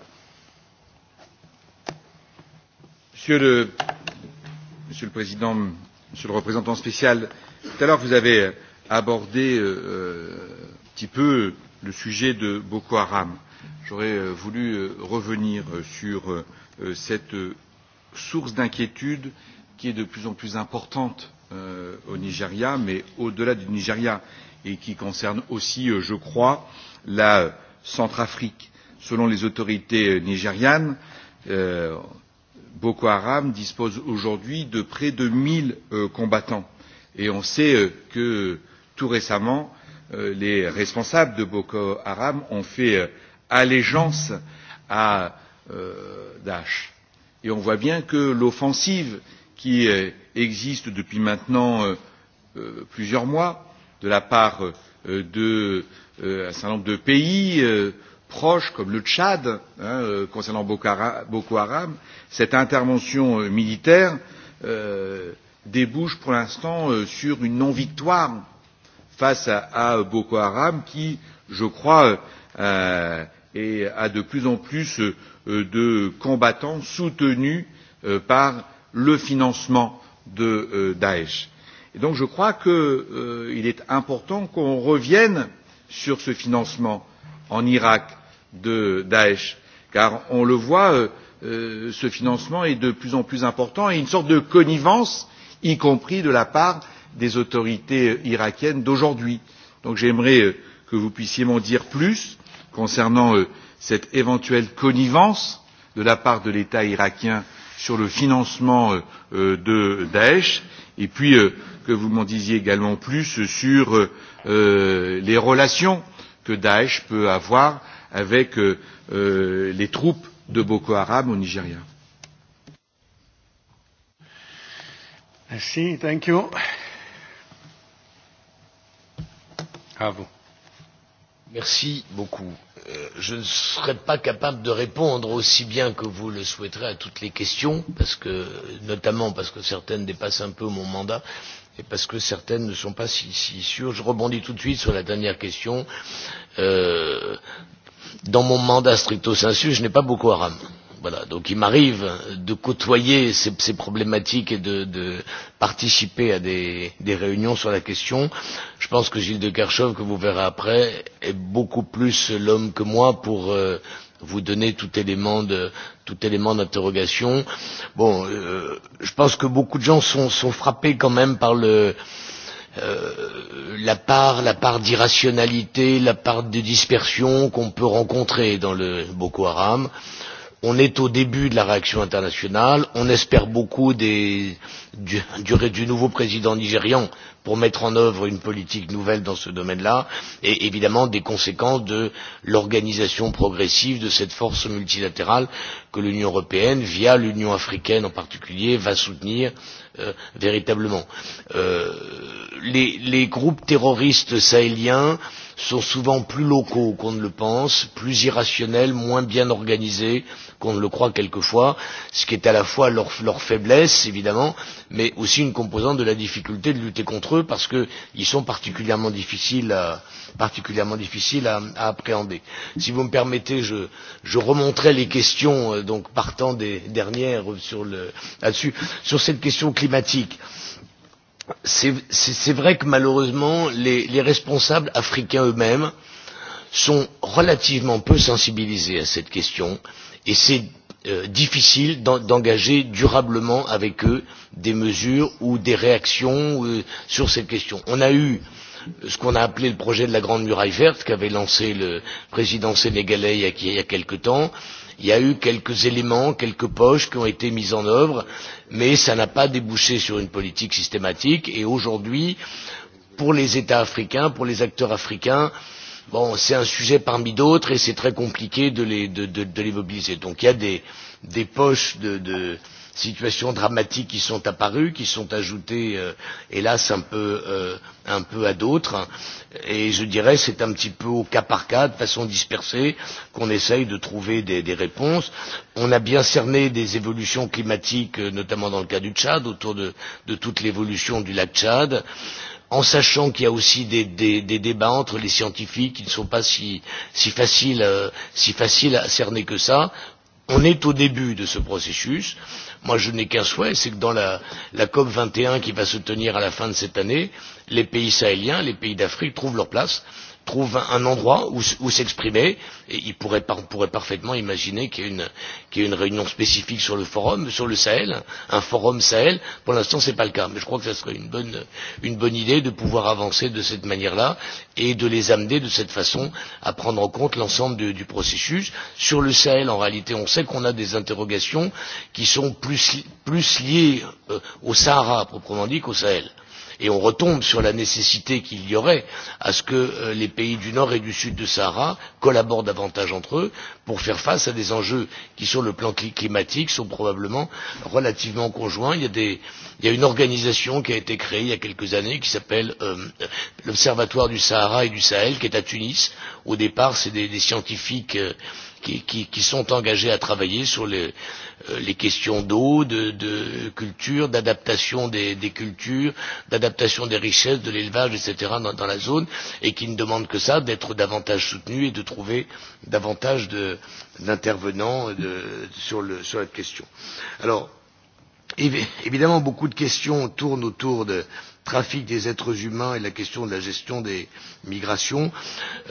Monsieur le, Monsieur le Président, Monsieur le représentant spécial, tout à l'heure vous avez abordé euh, euh un petit peu le sujet de Boko Haram. J'aurais euh, voulu euh, revenir sur cette source d'inquiétude qui est de plus en plus importante euh, au Nigeria, mais au-delà du Nigeria, et qui concerne aussi, euh, je crois, la Centrafrique. Selon les autorités euh, nigérianes, euh, Boko Haram dispose aujourd'hui de près de 1000 euh, combattants. Et on sait euh, que tout récemment, euh, les responsables de Boko Haram ont fait euh, allégeance à euh, Daesh Et on voit bien que l'offensive qui euh, existe depuis maintenant euh, euh, plusieurs mois de la part d'un certain nombre de pays proches comme le Tchad hein, concernant Boko Haram, cette intervention militaire euh, débouche pour l'instant sur une non-victoire face à, à Boko Haram qui, je crois, euh, a de plus en plus Euh, de combattants soutenus euh, par le financement de euh, Daesh. Et donc je crois qu'il euh, est important qu'on revienne sur ce financement en Irak de Daesh, car on le voit, euh, euh, ce financement est de plus en plus important et une sorte de connivence, y compris de la part des autorités irakiennes d'aujourd'hui. Donc j'aimerais euh, que vous puissiez m'en dire plus concernant euh, cette éventuelle connivence de la part de l'État irakien sur le financement euh, euh, de Daesh et puis euh, que vous m'en disiez également plus sur euh, euh les relations que Daesh peut avoir avec euh, euh les troupes de Boko Haram au Nigeria. Merci, thank you. Merci beaucoup. Euh, je ne serai pas capable de répondre aussi bien que vous le souhaiterez à toutes les questions, parce que, notamment parce que certaines dépassent un peu mon mandat et parce que certaines ne sont pas si, si sûres. Je rebondis tout de suite sur la dernière question. Euh, dans mon mandat stricto sensu, je n'ai pas beaucoup à ramener voilà, donc il m'arrive de côtoyer ces, ces problématiques et de, de participer à des, des réunions sur la question. Je pense que Gilles de Kerchov, que vous verrez après, est beaucoup plus l'homme que moi pour euh, vous donner tout élément de tout élément d'interrogation. Bon, euh, je pense que beaucoup de gens sont, sont frappés quand même par le euh, la part, la part d'irrationalité, la part de dispersion qu'on peut rencontrer dans le Boko Haram. Euh, On est au début de la réaction internationale, on espère beaucoup des, du, du, du nouveau président nigérian pour mettre en œuvre une politique nouvelle dans ce domaine-là et évidemment des conséquences de l'organisation progressive de cette force multilatérale que l'Union européenne, via l'Union africaine en particulier, va soutenir euh, véritablement. Euh, les, les groupes terroristes sahéliens sont souvent plus locaux qu'on ne le pense, plus irrationnels, moins bien organisés qu'on ne le croit quelquefois, ce qui est à la fois leur, leur faiblesse, évidemment, mais aussi une composante de la difficulté de lutter contre eux parce qu'ils sont particulièrement difficiles, à, particulièrement difficiles à, à appréhender. Si vous me permettez, je, je remonterai les questions euh, donc partant des dernières sur le, là-dessus. Sur cette question climatique, c'est vrai que malheureusement, les, les responsables africains eux-mêmes sont relativement peu sensibilisés à cette question et c'est euh, difficile d'engager durablement avec eux des mesures ou des réactions euh, sur cette question. On a eu ce qu'on a appelé le projet de la Grande Muraille Verte qu'avait lancé le président sénégalais il y a, il y a quelque temps. Il y a eu quelques éléments, quelques poches qui ont été mises en œuvre, mais ça n'a pas débouché sur une politique systématique. Et aujourd'hui, pour les États africains, pour les acteurs africains, euh, Bon, c'est un sujet parmi d'autres et c'est très compliqué de les, de, de, de les mobiliser. Donc il y a des, des poches de, de situations dramatiques qui sont apparues, qui sont ajoutées, euh, hélas, un peu, euh, un peu à d'autres. Et je dirais, c'est un petit peu au cas par cas, de façon dispersée, qu'on essaye de trouver des, des réponses. On a bien cerné des évolutions climatiques, euh, notamment dans le cas du Tchad, autour de, de toute l'évolution du lac Tchad. Euh, en sachant qu'il y a aussi des, des, des débats entre les scientifiques qui ne sont pas si, si, faciles, euh, si faciles à cerner que ça. On est au début de ce processus. Moi, je n'ai qu'un souhait, c'est que dans la, la COP 21 qui va se tenir à la fin de cette année, les pays sahéliens, les pays d'Afrique trouvent leur place trouve un endroit où, où s'exprimer. Et il pourrait, par, pourrait parfaitement imaginer qu'il y, ait une, y ait une réunion spécifique sur le forum, sur le Sahel, un forum Sahel. Pour l'instant, ce n'est pas le cas, mais je crois que ce serait une bonne, une bonne idée de pouvoir avancer de cette manière-là et de les amener de cette façon à prendre en compte l'ensemble du, du processus. Sur le Sahel, en réalité, on sait qu'on a des interrogations qui sont plus, plus liées euh, au Sahara, proprement dit, qu'au Sahel. Et on retombe sur la nécessité qu'il y aurait à ce que euh, les pays du Nord et du Sud du Sahara collaborent davantage entre eux pour faire face à des enjeux qui, sur le plan climatique, sont probablement relativement conjoints. Il y a, des, il y a une organisation qui a été créée il y a quelques années qui s'appelle euh, l'Observatoire du Sahara et du Sahel, qui est à Tunis. Au départ, c'est des, des scientifiques euh, qui, qui, qui sont engagés à travailler sur les, euh, les questions d'eau, de, de culture, d'adaptation des, des cultures, d'adaptation des richesses, de l'élevage, etc. Dans, dans la zone, et qui ne demandent que ça, d'être davantage soutenus et de trouver davantage d'intervenants sur, sur cette question. Alors, évidemment, beaucoup de questions tournent autour de, trafic des êtres humains et la question de la gestion des migrations.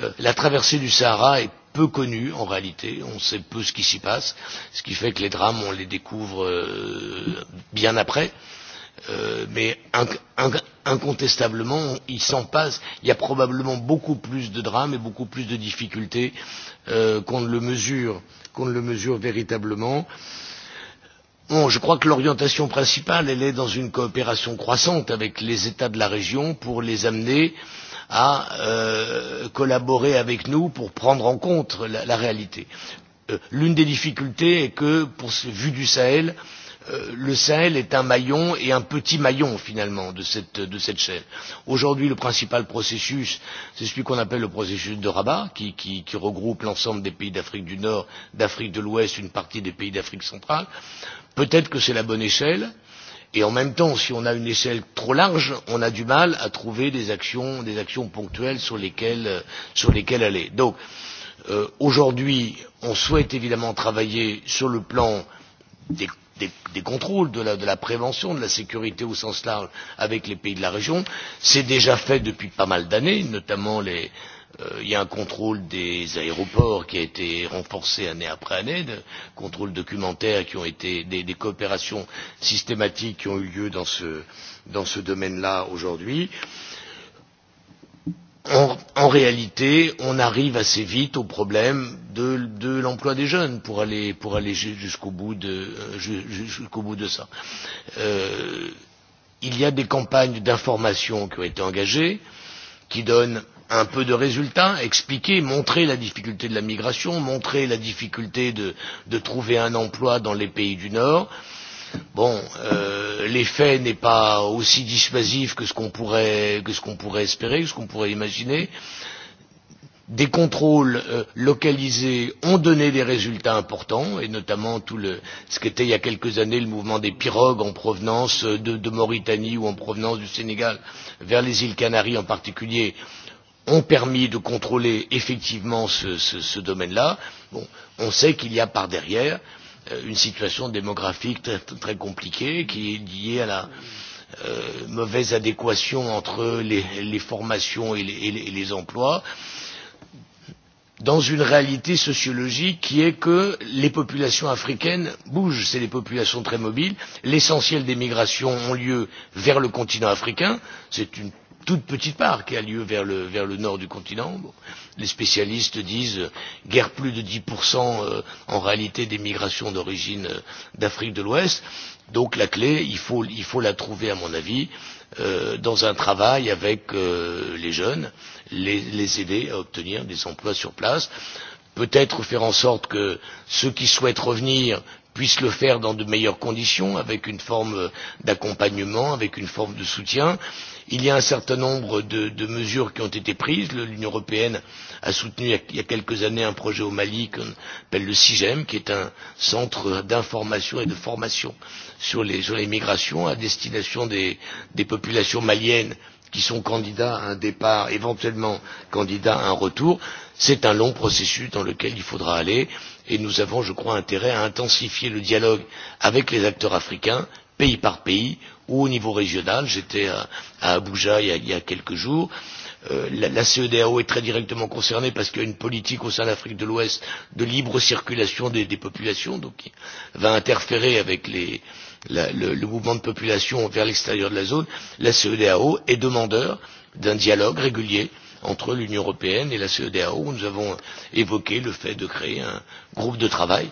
Euh, la traversée du Sahara est peu connu en réalité, on sait peu ce qui s'y passe, ce qui fait que les drames, on les découvre euh, bien après. Euh, mais inc inc incontestablement, il s'en passe. Il y a probablement beaucoup plus de drames et beaucoup plus de difficultés euh, qu'on ne le mesure, ne le mesure véritablement. Bon, je crois que l'orientation principale, elle est dans une coopération croissante avec les États de la région pour les amener à euh, collaborer avec nous pour prendre en compte la, la réalité. Euh, L'une des difficultés est que, pour ce vu du Sahel, euh, le Sahel est un maillon et un petit maillon finalement de cette, de cette chaîne. Aujourd'hui, le principal processus, c'est celui qu'on appelle le processus de Rabat, qui, qui, qui regroupe l'ensemble des pays d'Afrique du Nord, d'Afrique de l'Ouest, une partie des pays d'Afrique centrale. Peut-être que c'est la bonne échelle, euh, Et en même temps, si on a une échelle trop large, on a du mal à trouver des actions, des actions ponctuelles sur lesquelles, euh, sur lesquelles aller. Donc, euh, aujourd'hui, on souhaite évidemment travailler sur le plan des, des, des contrôles, de la, de la prévention, de la sécurité au sens large avec les pays de la région. C'est déjà fait depuis pas mal d'années, notamment les, il euh, y a un contrôle des aéroports qui a été renforcé année après année, de contrôles documentaires qui ont été des, des coopérations systématiques qui ont eu lieu dans ce, dans ce domaine-là aujourd'hui. En, en réalité, on arrive assez vite au problème de, de l'emploi des jeunes pour aller, pour aller jusqu'au bout, de, euh, bout de ça. Euh, il y a des campagnes d'information qui ont été engagées, qui donnent un peu de résultats, expliquer, montrer la difficulté de la migration, montrer la difficulté de, de trouver un emploi dans les pays du Nord. Bon, euh, l'effet n'est pas aussi dissuasif que ce qu'on pourrait, que ce qu'on pourrait espérer, que ce qu'on pourrait imaginer. Des contrôles euh, localisés ont donné des résultats importants, et notamment tout le, ce qu'était il y a quelques années le mouvement des pirogues en provenance euh, de, de Mauritanie ou en provenance du Sénégal vers les îles Canaries en particulier, euh, ont permis de contrôler effectivement ce, ce, ce domaine-là. Bon, on sait qu'il y a par derrière euh, une situation démographique très, très compliquée qui est liée à la euh, mauvaise adéquation entre les, les formations et les, et les, et les emplois dans une réalité sociologique qui est que les populations africaines bougent, c'est des populations très mobiles, l'essentiel des migrations ont lieu vers le continent africain, c'est une toute petite part qui a lieu vers le, vers le nord du continent. Bon, les spécialistes disent euh, guère plus de 10% euh, en réalité des migrations d'origine euh, d'Afrique de l'Ouest. Donc la clé, il faut, il faut la trouver à mon avis euh, dans un travail avec euh, les jeunes, les, les aider à obtenir des emplois sur place. Peut-être faire en sorte que ceux qui souhaitent revenir puisse le faire dans de meilleures conditions, avec une forme d'accompagnement, avec une forme de soutien. Il y a un certain nombre de, de mesures qui ont été prises. L'Union européenne a soutenu il y a quelques années un projet au Mali qu'on appelle le CIGEM, qui est un centre d'information et de formation sur les, sur les migrations à destination des, des populations maliennes qui sont candidats à un départ, éventuellement candidats à un retour. C'est un long processus dans lequel il faudra aller et nous avons, je crois, intérêt à intensifier le dialogue avec les acteurs africains, pays par pays ou au niveau régional. J'étais à, à Abuja il y, a, il y a quelques jours. Euh, la, la CEDAO est très directement concernée parce qu'il y a une politique au sein de l'Afrique de l'Ouest de libre circulation des, des populations, donc qui va interférer avec les, la, le, le mouvement de population vers l'extérieur de la zone. La CEDAO est demandeur d'un dialogue régulier euh, entre l'Union européenne et la CEDAO. Nous avons évoqué le fait de créer un groupe de travail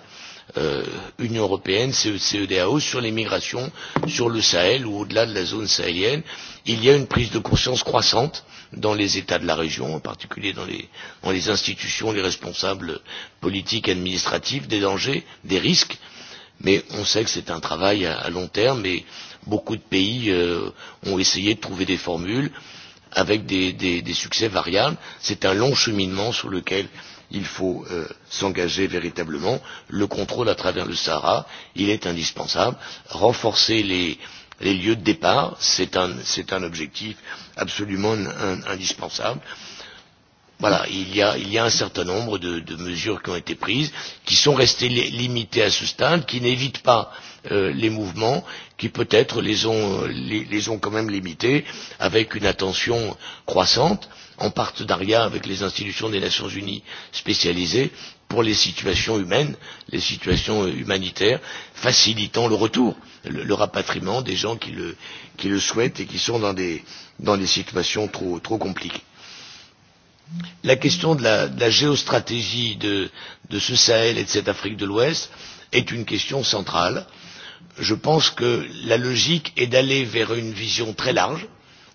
euh, Union européenne, CEDAO, e sur les migrations, sur le Sahel ou au-delà de la zone sahélienne. Il y a une prise de conscience croissante dans les États de la région, en particulier dans les, dans les institutions, les responsables politiques et administratifs, des dangers, des risques. Mais on sait que c'est un travail à, à long terme et beaucoup de pays euh, ont essayé de trouver des formules avec des, des, des succès variables. C'est un long cheminement sur lequel il faut euh, s'engager véritablement. Le contrôle à travers le Sahara, il est indispensable. Renforcer les, les lieux de départ, c'est un, un objectif absolument un, indispensable. Euh, Voilà, il y a, il y a un certain nombre de, de mesures qui ont été prises, qui sont restées li limitées à ce stade, qui n'évitent pas euh, les mouvements, qui peut-être les ont, les, les ont quand même limités, avec une attention croissante, en partenariat avec les institutions des Nations Unies spécialisées, pour les situations humaines, les situations humanitaires, facilitant le retour, le, le rapatriement des gens qui le, qui le souhaitent et qui sont dans des, dans des situations trop, trop compliquées la question de la, de la géostratégie de, de ce Sahel et de cette Afrique de l'Ouest est une question centrale. Je pense que la logique est d'aller vers une vision très large.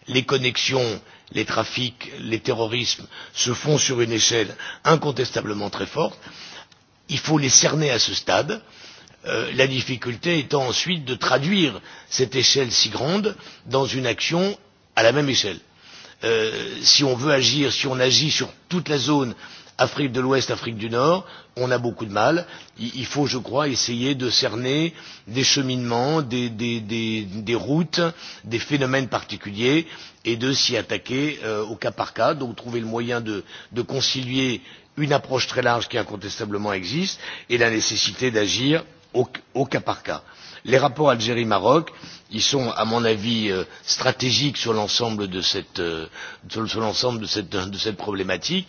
Les connexions, les trafics, les terrorismes se font sur une échelle incontestablement très forte. Il faut les cerner à ce stade. Euh, la difficulté étant ensuite de traduire cette échelle si grande dans une action à la même échelle. Euh, si on veut agir, si on agit sur toute la zone Afrique de l'Ouest, Afrique du Nord, on a beaucoup de mal. Il faut, je crois, essayer de cerner des cheminements, des, des, des, des routes, des phénomènes particuliers et de s'y attaquer euh, au cas par cas, donc trouver le moyen de, de concilier une approche très large qui incontestablement existe et la nécessité d'agir au, au cas par cas. Les rapports Algérie-Maroc, ils sont, à mon avis, euh, stratégiques sur l'ensemble de cette, euh, sur, l'ensemble de cette, de cette problématique.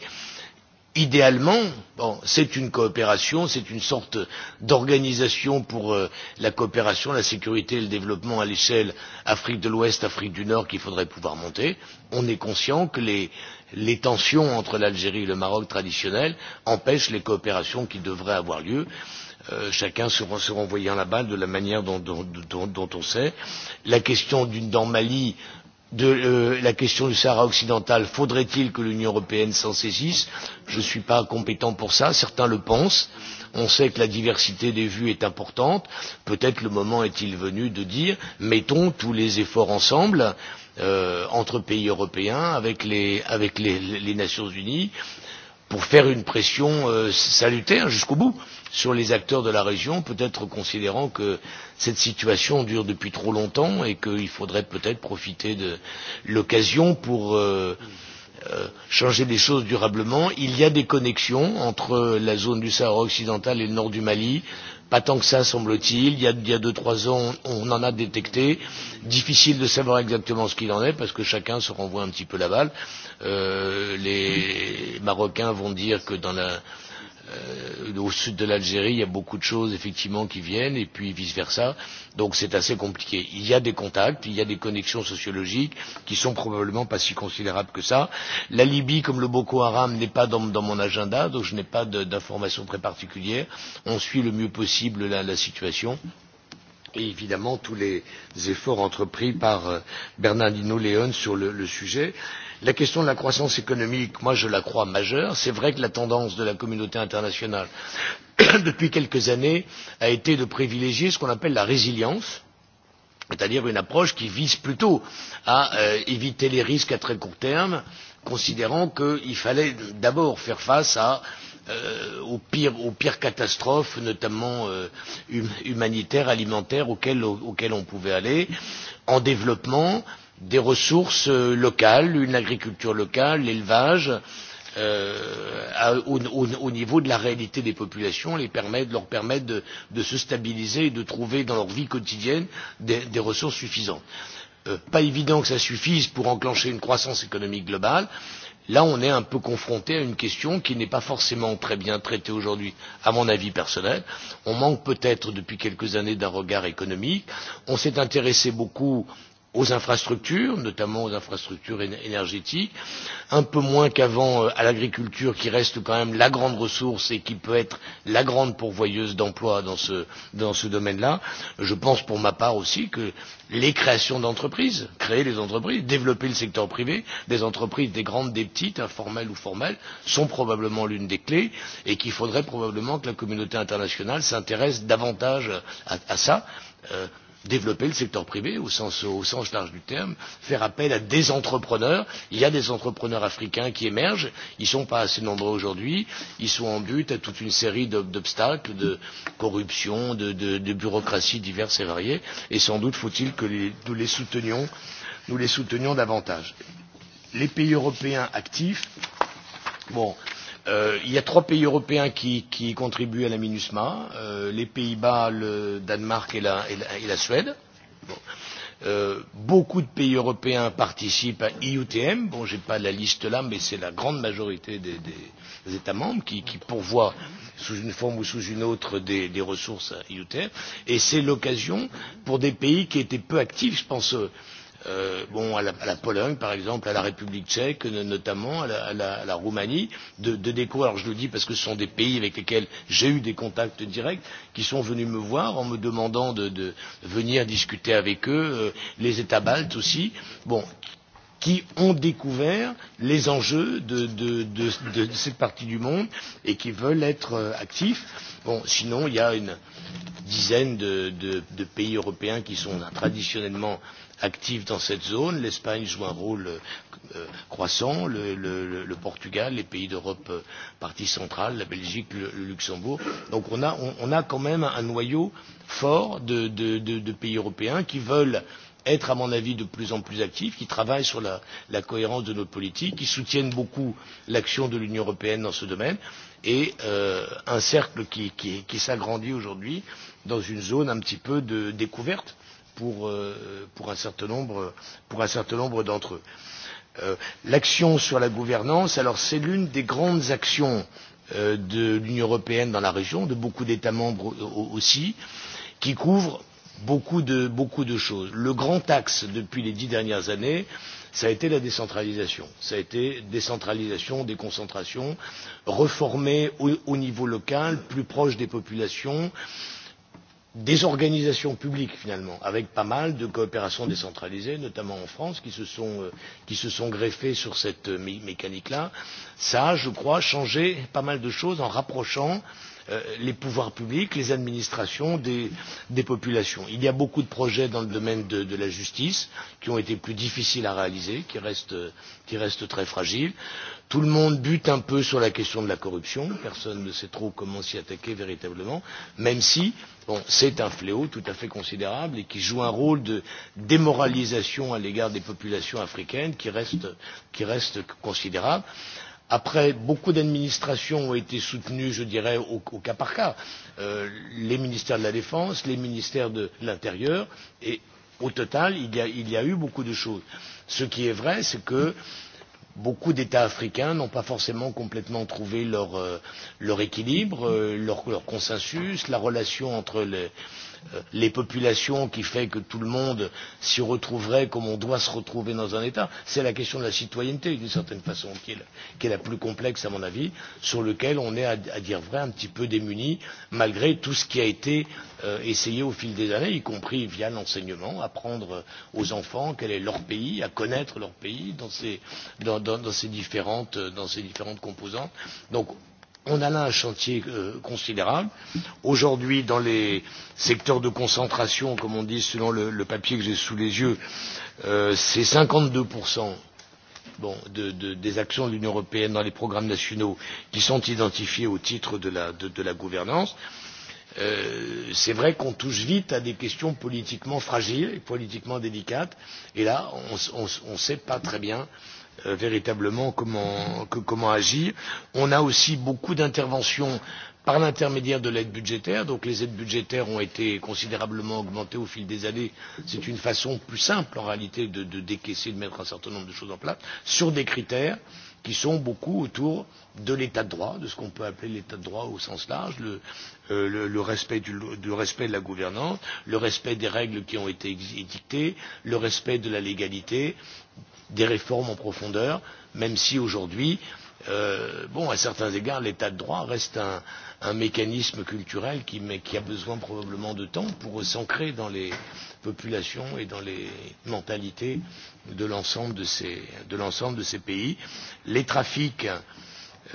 Idéalement, bon, c'est une coopération, c'est une sorte d'organisation pour euh, la coopération, la sécurité et le développement à l'échelle Afrique de l'Ouest, Afrique du Nord qu'il faudrait pouvoir monter. On est conscient que les, les tensions entre l'Algérie et le Maroc traditionnel empêchent les coopérations qui devraient avoir lieu. Euh, Euh, chacun se, renvoyant la balle de la manière dont, dont, dont, dont on sait. La question d'une dans Mali, de euh, la question du Sahara occidental, faudrait-il que l'Union européenne s'en saisisse Je ne suis pas compétent pour ça, certains le pensent. On sait que la diversité des vues est importante. Peut-être le moment est-il venu de dire mettons tous les efforts ensemble euh, entre pays européens, avec les, avec les, les Nations Unies, pour faire une pression euh, salutaire jusqu'au bout sur les acteurs de la région, peut-être considérant que cette situation dure depuis trop longtemps et qu'il faudrait peut-être profiter de l'occasion pour euh, euh, changer les choses durablement. Il y a des connexions entre la zone du Sahara occidental et le nord du Mali, pas tant que ça semble-t-il. Il y a, il y a deux trois ans, on en a détecté. Difficile de savoir exactement ce qu'il en est parce que chacun se renvoie un petit peu la balle. Euh, les Marocains vont dire que dans la euh, au sud de l'Algérie, il y a beaucoup de choses effectivement qui viennent et puis vice-versa. Donc c'est assez compliqué. Il y a des contacts, il y a des connexions sociologiques qui sont probablement pas si considérables que ça. La Libye, comme le Boko Haram, n'est pas dans, dans mon agenda, donc je n'ai pas d'informations très particulières. On suit le mieux possible la, la situation et évidemment tous les efforts entrepris par euh, Bernardino Leone sur le, le sujet. La question de la croissance économique, moi je la crois majeure. C'est vrai que la tendance de la communauté internationale depuis quelques années a été de privilégier ce qu'on appelle la résilience, c'est-à-dire une approche qui vise plutôt à euh, éviter les risques à très court terme, considérant qu'il fallait d'abord faire face à euh, aux, pires, aux pires catastrophes, notamment euh, humanitaires, alimentaires, auxquelles, auxquelles on pouvait aller, en développement, euh, des ressources euh, locales, une agriculture locale, l'élevage, euh, au, au, au niveau de la réalité des populations, les permettre, leur permettre de, de se stabiliser et de trouver dans leur vie quotidienne des, des ressources suffisantes. Euh, pas évident que ça suffise pour enclencher une croissance économique globale. Là, on est un peu confronté à une question qui n'est pas forcément très bien traitée aujourd'hui, à mon avis personnel. On manque peut-être depuis quelques années d'un regard économique. On s'est intéressé beaucoup aux infrastructures, notamment aux infrastructures énergétiques, un peu moins qu'avant euh, à l'agriculture qui reste quand même la grande ressource et qui peut être la grande pourvoyeuse d'emplois dans ce, dans ce domaine-là. Je pense pour ma part aussi que les créations d'entreprises, créer les entreprises, développer le secteur privé, des entreprises, des grandes, des petites, informelles ou formelles, sont probablement l'une des clés et qu'il faudrait probablement que la communauté internationale s'intéresse davantage à, à ça. Euh, développer le secteur privé au sens, au sens large du terme, faire appel à des entrepreneurs. Il y a des entrepreneurs africains qui émergent, ils ne sont pas assez nombreux aujourd'hui, ils sont en but à toute une série d'obstacles, de corruption, de, de, de bureaucratie diverses et variées, et sans doute faut-il que les, nous, les soutenions, nous les soutenions davantage. Les pays européens actifs, bon, Euh, il y a trois pays européens qui, qui contribuent à la MINUSMA, euh, les Pays-Bas, le Danemark et la, et la, et la Suède. Bon. Euh, beaucoup de pays européens participent à IUTM. Bon, je n'ai pas la liste là, mais c'est la grande majorité des, des, des États membres qui, qui pourvoient sous une forme ou sous une autre des, des ressources à IUTM. Et c'est l'occasion pour des pays qui étaient peu actifs, je pense. Euh, euh, bon, à, la, à la Pologne, par exemple, à la République tchèque, notamment à la, à la, à la Roumanie, de, de découvrir, alors je le dis parce que ce sont des pays avec lesquels j'ai eu des contacts directs, qui sont venus me voir en me demandant de, de venir discuter avec eux, euh, les États baltes aussi, bon, qui ont découvert les enjeux de, de, de, de, de cette partie du monde et qui veulent être euh, actifs. Bon, sinon, il y a une dizaine de, de, de pays européens qui sont là, traditionnellement euh, actifs dans cette zone. L'Espagne joue un rôle euh, croissant, le, le, le Portugal, les pays d'Europe euh, partie centrale, la Belgique, le, le Luxembourg. Donc on a, on, on a quand même un noyau fort de, de, de, de pays européens qui veulent être, à mon avis, de plus en plus actifs, qui travaillent sur la, la cohérence de notre politique, qui soutiennent beaucoup l'action de l'Union européenne dans ce domaine, et euh, un cercle qui, qui, qui s'agrandit aujourd'hui dans une zone un petit peu de découverte pour, euh, pour un certain nombre, pour un certain nombre d'entre eux. Euh, L'action sur la gouvernance, alors c'est l'une des grandes actions euh, de l'Union européenne dans la région, de beaucoup d'États membres aussi, qui couvre beaucoup de, beaucoup de choses. Le grand axe depuis les dix dernières années, ça a été la décentralisation. Ça a été décentralisation, déconcentration, reformer au, au niveau local, plus proche des populations, euh, des organisations publiques finalement, avec pas mal de coopérations décentralisées, notamment en France, qui se sont, euh, qui se sont greffées sur cette euh, mé mécanique-là. Ça a, je crois, changé pas mal de choses en rapprochant Euh, les pouvoirs publics, les administrations des, des populations. Il y a beaucoup de projets dans le domaine de, de la justice qui ont été plus difficiles à réaliser, qui restent, qui restent très fragiles. Tout le monde bute un peu sur la question de la corruption, personne ne sait trop comment s'y attaquer véritablement, même si bon, c'est un fléau tout à fait considérable et qui joue un rôle de démoralisation à l'égard des populations africaines qui reste, qui reste considérable. Après, beaucoup d'administrations ont été soutenues, je dirais, au, au cas par cas. Euh, les ministères de la Défense, les ministères de l'Intérieur, et au total, il y, a, il y a eu beaucoup de choses. Ce qui est vrai, c'est que beaucoup d'États africains n'ont pas forcément complètement trouvé leur, euh, leur équilibre, euh, leur, leur consensus, la relation entre les, Euh, les populations qui fait que tout le monde s'y retrouverait comme on doit se retrouver dans un État. C'est la question de la citoyenneté, d'une certaine façon, qui est, la, qui est la plus complexe, à mon avis, sur lequel on est, à, à dire vrai, un petit peu démuni, malgré tout ce qui a été euh, essayé au fil des années, y compris via l'enseignement, apprendre aux enfants quel est leur pays, à connaître leur pays dans ses, dans, dans, dans ses, différentes, dans ses différentes composantes. Donc, On a là un chantier euh, considérable. Aujourd'hui, dans les secteurs de concentration, comme on dit selon le, le papier que j'ai sous les yeux, euh, c'est 52% bon, de, de, des actions de l'Union européenne dans les programmes nationaux qui sont identifiés au titre de la, de, de la gouvernance. Euh, c'est vrai qu'on touche vite à des questions politiquement fragiles et politiquement délicates, et là, on ne sait pas très bien euh, Euh, véritablement comment, que, comment agir. On a aussi beaucoup d'interventions par l'intermédiaire de l'aide budgétaire. Donc les aides budgétaires ont été considérablement augmentées au fil des années. C'est une façon plus simple en réalité de, de décaisser, de mettre un certain nombre de choses en place sur des critères qui sont beaucoup autour de l'état de droit, de ce qu'on peut appeler l'état de droit au sens large, le, euh, le, le, respect du, le respect de la gouvernance, le respect des règles qui ont été édictées, le respect de la légalité, des réformes en profondeur, même si aujourd'hui, euh, bon, à certains égards, l'état de droit reste un, un mécanisme culturel qui, mais, qui a besoin probablement de temps pour s'ancrer dans les populations et dans les mentalités de l'ensemble de, de, de ces pays. Les trafics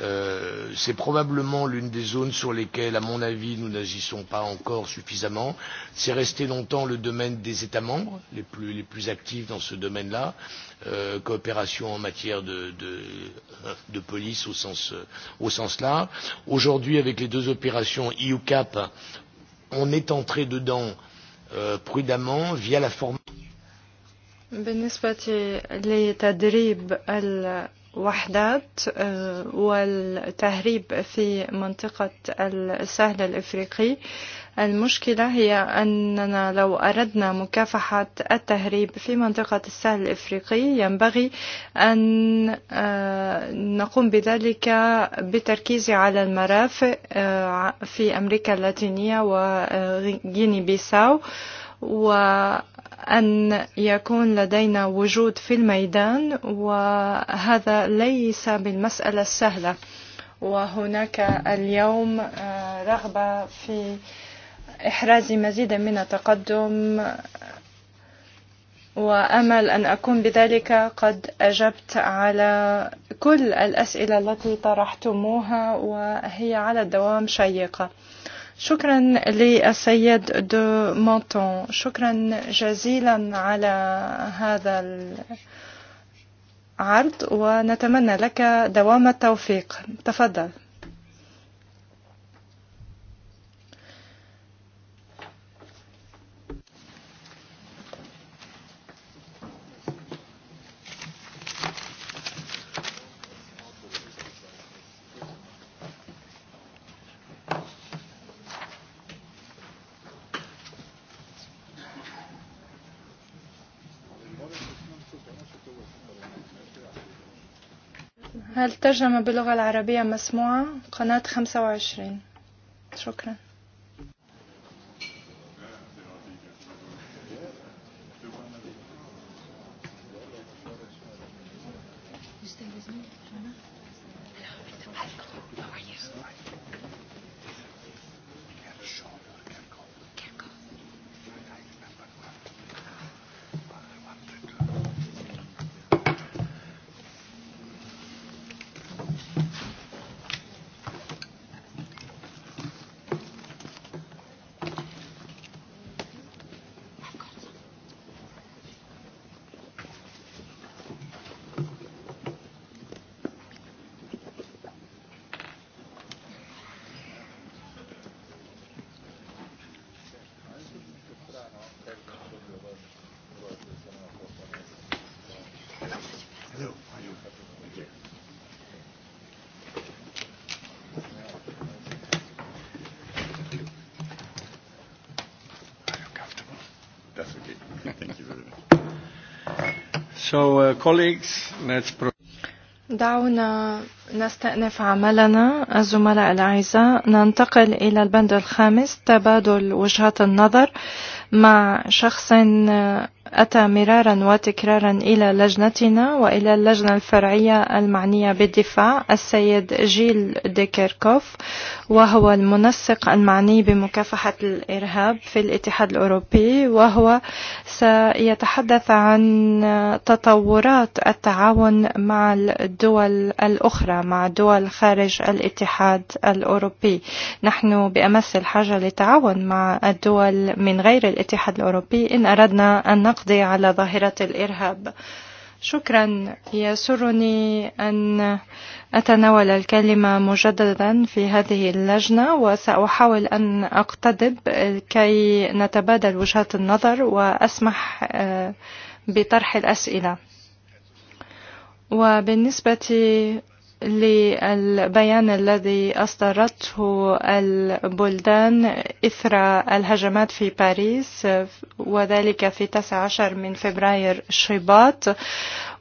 Euh, c'est probablement l'une des zones sur lesquelles, à mon avis, nous n'agissons pas encore suffisamment. C'est resté longtemps le domaine des États membres, les plus, les plus actifs dans ce domaine-là. Euh, coopération en matière de, de, de police au sens, au sens là. Aujourd'hui, avec les deux opérations EUCAP, on est entré dedans euh, prudemment via la formation. بالنسبة للتدريب وحدات والتهريب في منطقة السهل الإفريقي المشكلة هي أننا لو أردنا مكافحة التهريب في منطقة السهل الإفريقي ينبغي أن نقوم بذلك بتركيز على المرافق في أمريكا اللاتينية وغيني بيساو و أن يكون لدينا وجود في الميدان وهذا ليس بالمسألة السهلة وهناك اليوم رغبة في إحراز مزيد من التقدم وأمل أن أكون بذلك قد أجبت على كل الأسئلة التي طرحتموها وهي على الدوام شيقة شكرا للسيد دو مونتون شكرا جزيلا على هذا العرض ونتمنى لك دوام التوفيق تفضل هل ترجمة باللغة العربية مسموعة؟ قناة 25 شكرا So, uh, colleagues, let's pro دعونا نستأنف عملنا الزملاء الأعزاء ننتقل إلى البند الخامس تبادل وجهات النظر مع شخص أتى مرارا وتكرارا إلى لجنتنا وإلى اللجنة الفرعية المعنية بالدفاع السيد جيل ديكيركوف وهو المنسق المعني بمكافحة الإرهاب في الاتحاد الأوروبي وهو سيتحدث عن تطورات التعاون مع الدول الأخرى مع دول خارج الاتحاد الأوروبي نحن بأمس الحاجة للتعاون مع الدول من غير الاتحاد الأوروبي إن أردنا أن للقضاء على ظاهرة الإرهاب شكرا يسرني أن أتناول الكلمة مجددا في هذه اللجنة وسأحاول أن أقتدب كي نتبادل وجهات النظر وأسمح بطرح الأسئلة وبالنسبة للبيان الذي أصدرته البلدان إثر الهجمات في باريس وذلك في 19 من فبراير شباط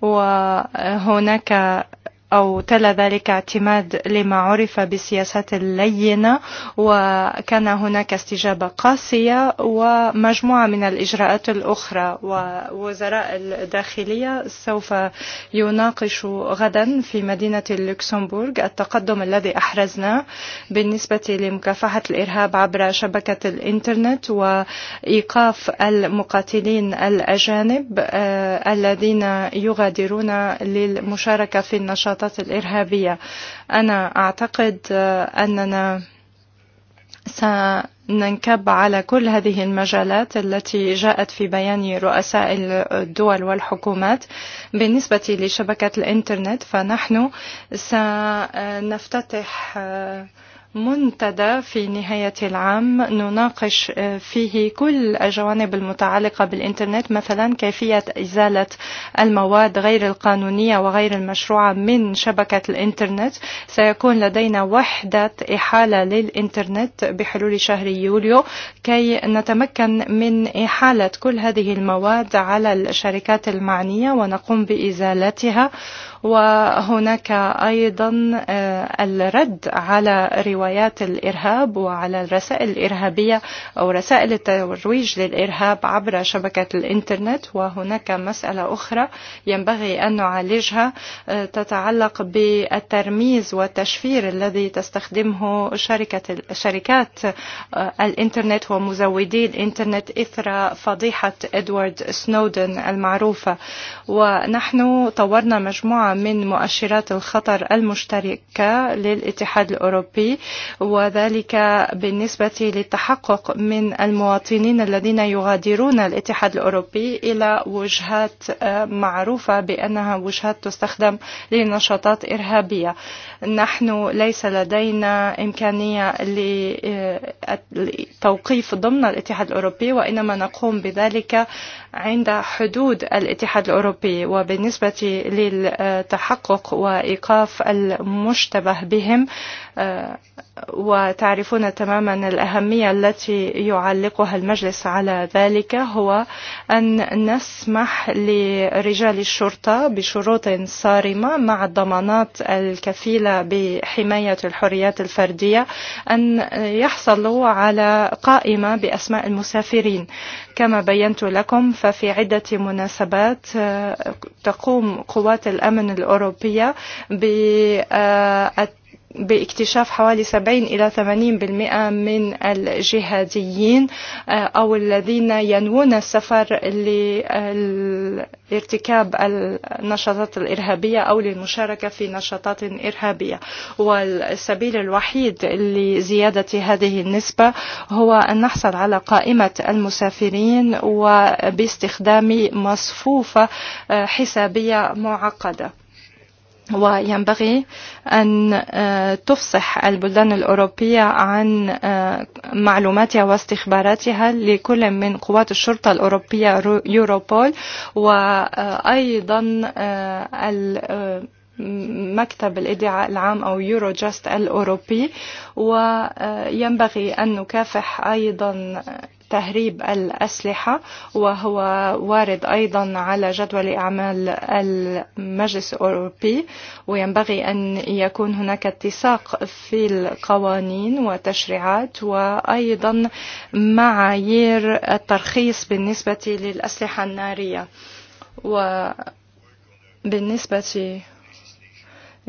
وهناك أو تلا ذلك اعتماد لما عرف بسياسات اللينة وكان هناك استجابة قاسية ومجموعة من الإجراءات الأخرى ووزراء الداخلية سوف يناقش غدا في مدينة لوكسمبورغ التقدم الذي أحرزناه بالنسبة لمكافحة الإرهاب عبر شبكة الإنترنت وإيقاف المقاتلين الأجانب الذين يغادرون للمشاركة في النشاط النشاطات الإرهابية أنا أعتقد أننا سننكب على كل هذه المجالات التي جاءت في بيان رؤساء الدول والحكومات بالنسبة لشبكة الإنترنت فنحن سنفتتح منتدى في نهاية العام نناقش فيه كل الجوانب المتعلقة بالإنترنت مثلا كيفية إزالة المواد غير القانونية وغير المشروعة من شبكة الإنترنت سيكون لدينا وحدة إحالة للإنترنت بحلول شهر يوليو كي نتمكن من إحالة كل هذه المواد على الشركات المعنية ونقوم بإزالتها وهناك أيضا الرد على روايات الإرهاب وعلى الرسائل الإرهابية أو رسائل الترويج للإرهاب عبر شبكة الإنترنت وهناك مسألة أخرى ينبغي أن نعالجها تتعلق بالترميز والتشفير الذي تستخدمه شركة شركات الإنترنت ومزودي الإنترنت إثر فضيحة إدوارد سنودن المعروفة ونحن طورنا مجموعة من مؤشرات الخطر المشتركة للاتحاد الأوروبي وذلك بالنسبة للتحقق من المواطنين الذين يغادرون الاتحاد الأوروبي إلى وجهات معروفة بأنها وجهات تستخدم لنشاطات إرهابية. نحن ليس لدينا إمكانية لتوقيف ضمن الاتحاد الأوروبي وإنما نقوم بذلك عند حدود الاتحاد الأوروبي وبالنسبة للتحقق وإيقاف المشتبه بهم وتعرفون تماما الأهمية التي يعلقها المجلس على ذلك هو أن نسمح لرجال الشرطة بشروط صارمة مع الضمانات الكفيلة بحماية الحريات الفردية أن يحصلوا على قائمة بأسماء المسافرين كما بينت لكم ففي عدة مناسبات تقوم قوات الأمن الأوروبية بالتعامل باكتشاف حوالي 70 إلى 80% من الجهاديين أو الذين ينوون السفر لارتكاب النشاطات الإرهابية أو للمشاركة في نشاطات إرهابية والسبيل الوحيد لزيادة هذه النسبة هو أن نحصل على قائمة المسافرين وباستخدام مصفوفة حسابية معقدة وينبغي أن تفصح البلدان الأوروبية عن معلوماتها واستخباراتها لكل من قوات الشرطة الأوروبية يوروبول وأيضا مكتب الإدعاء العام أو يوروجاست الأوروبي وينبغي أن نكافح أيضا تهريب الأسلحة وهو وارد أيضا على جدول أعمال المجلس الأوروبي وينبغي أن يكون هناك اتساق في القوانين وتشريعات وأيضا معايير الترخيص بالنسبة للأسلحة النارية وبالنسبة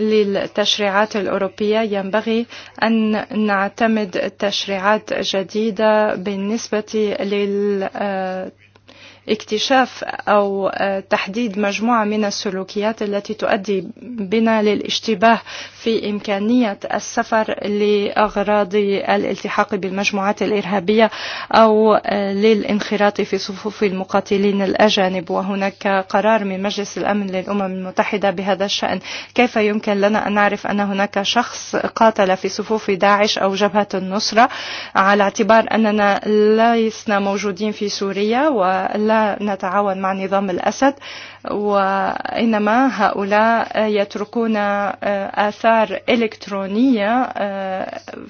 للتشريعات الأوروبية ينبغي أن نعتمد تشريعات جديدة بالنسبة لل اكتشاف أو تحديد مجموعة من السلوكيات التي تؤدي بنا للاشتباه في إمكانية السفر لأغراض الالتحاق بالمجموعات الإرهابية أو للانخراط في صفوف المقاتلين الأجانب وهناك قرار من مجلس الأمن للأمم المتحدة بهذا الشأن كيف يمكن لنا أن نعرف أن هناك شخص قاتل في صفوف داعش أو جبهة النصرة على اعتبار أننا لسنا موجودين في سوريا ولا لا نتعاون مع نظام الأسد وإنما هؤلاء يتركون آثار إلكترونية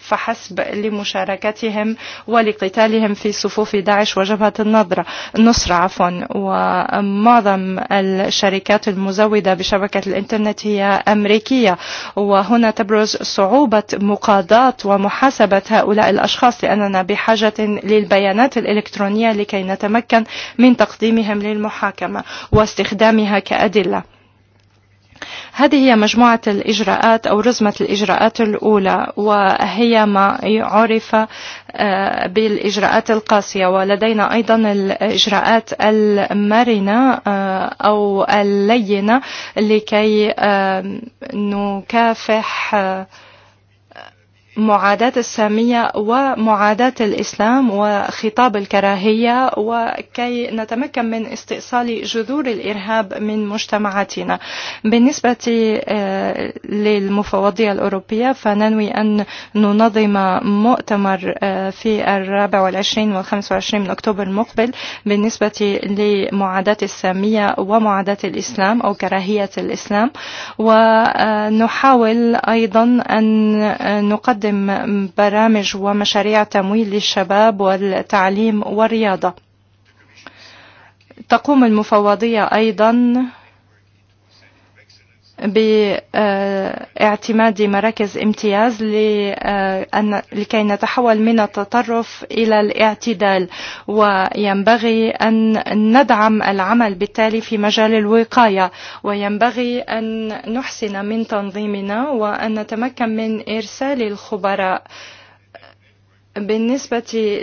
فحسب لمشاركتهم ولقتالهم في صفوف داعش وجبهة النظرة النصرة عفوا ومعظم الشركات المزودة بشبكة الإنترنت هي أمريكية وهنا تبرز صعوبة مقاضاة ومحاسبة هؤلاء الأشخاص لأننا بحاجة للبيانات الإلكترونية لكي نتمكن من تقديمهم للمحاكمة واستخدام استخدامها كأدلة هذه هي مجموعة الإجراءات أو رزمة الإجراءات الأولى وهي ما عرف بالإجراءات القاسية ولدينا أيضا الإجراءات المرنة أو اللينة لكي نكافح معادات السامية ومعادات الإسلام وخطاب الكراهية وكي نتمكن من استئصال جذور الإرهاب من مجتمعاتنا بالنسبة للمفوضية الأوروبية فننوي أن ننظم مؤتمر في الرابع والعشرين والخمس وعشرين من أكتوبر المقبل بالنسبة لمعادات السامية ومعادات الإسلام أو كراهية الإسلام ونحاول أيضا أن نقدم تقدم برامج ومشاريع تمويل للشباب والتعليم والرياضة تقوم المفوضية أيضا باعتماد مراكز امتياز لكي نتحول من التطرف إلى الاعتدال وينبغي أن ندعم العمل بالتالي في مجال الوقاية وينبغي أن نحسن من تنظيمنا وأن نتمكن من إرسال الخبراء بالنسبة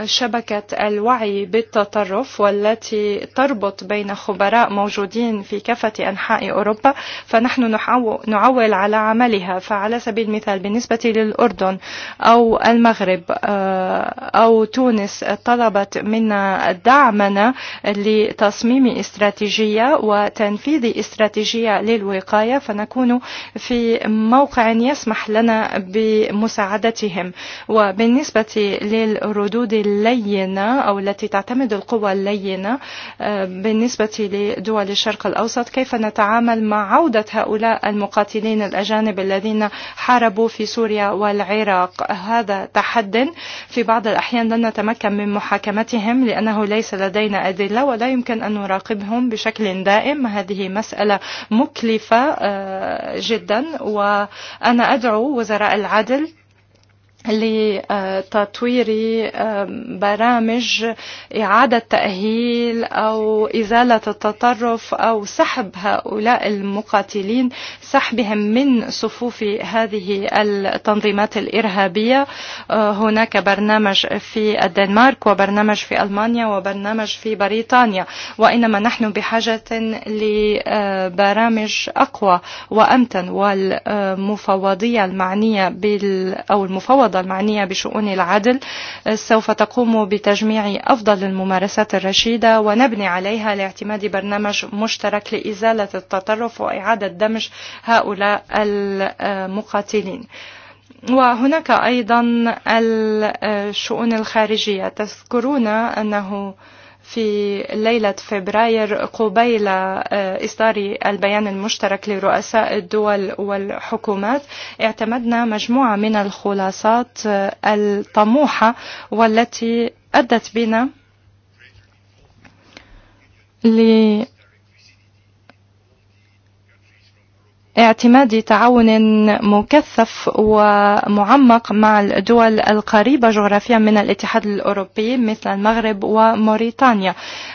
لشبكة الوعي بالتطرف والتي تربط بين خبراء موجودين في كافة أنحاء أوروبا فنحن نعول على عملها فعلى سبيل المثال بالنسبة للأردن أو المغرب أو تونس طلبت منا دعمنا لتصميم استراتيجية وتنفيذ استراتيجية للوقاية فنكون في موقع يسمح لنا بمساعدتهم وبالنسبة بالنسبة للردود اللينة أو التي تعتمد القوى اللينة بالنسبة لدول الشرق الأوسط كيف نتعامل مع عودة هؤلاء المقاتلين الأجانب الذين حاربوا في سوريا والعراق هذا تحد في بعض الأحيان لن نتمكن من محاكمتهم لأنه ليس لدينا أدلة ولا يمكن أن نراقبهم بشكل دائم هذه مسألة مكلفة جدا وأنا أدعو وزراء العدل li uh, tatwiri uh, barramiġ iħada aw izala tatarruf aw saħb haqula il-mukatilin saħbihem min sufufi hadihi al-tanzimat il-irhabija uh, eh, hunaka barnamaġ fi Denmark wa barnamaġ fi Almanja wa barnamaġ fi Baritania wa inama nahnu biħaġatin li uh, barramiġ aqwa wa amtan wal-mufawadija uh, al-ma'nija bil-aw mufawad المفوضة المعنية بشؤون العدل سوف تقوم بتجميع أفضل الممارسات الرشيدة ونبني عليها لاعتماد برنامج مشترك لإزالة التطرف وإعادة دمج هؤلاء المقاتلين. وهناك أيضا الشؤون الخارجية تذكرون أنه في ليلة فبراير قبيل إصدار البيان المشترك لرؤساء الدول والحكومات اعتمدنا مجموعة من الخلاصات الطموحة والتي أدت بنا ل اعتماد تعاون مكثف ومعمق مع الدول القريبة جغرافيا من الاتحاد الأوروبي مثل المغرب وموريتانيا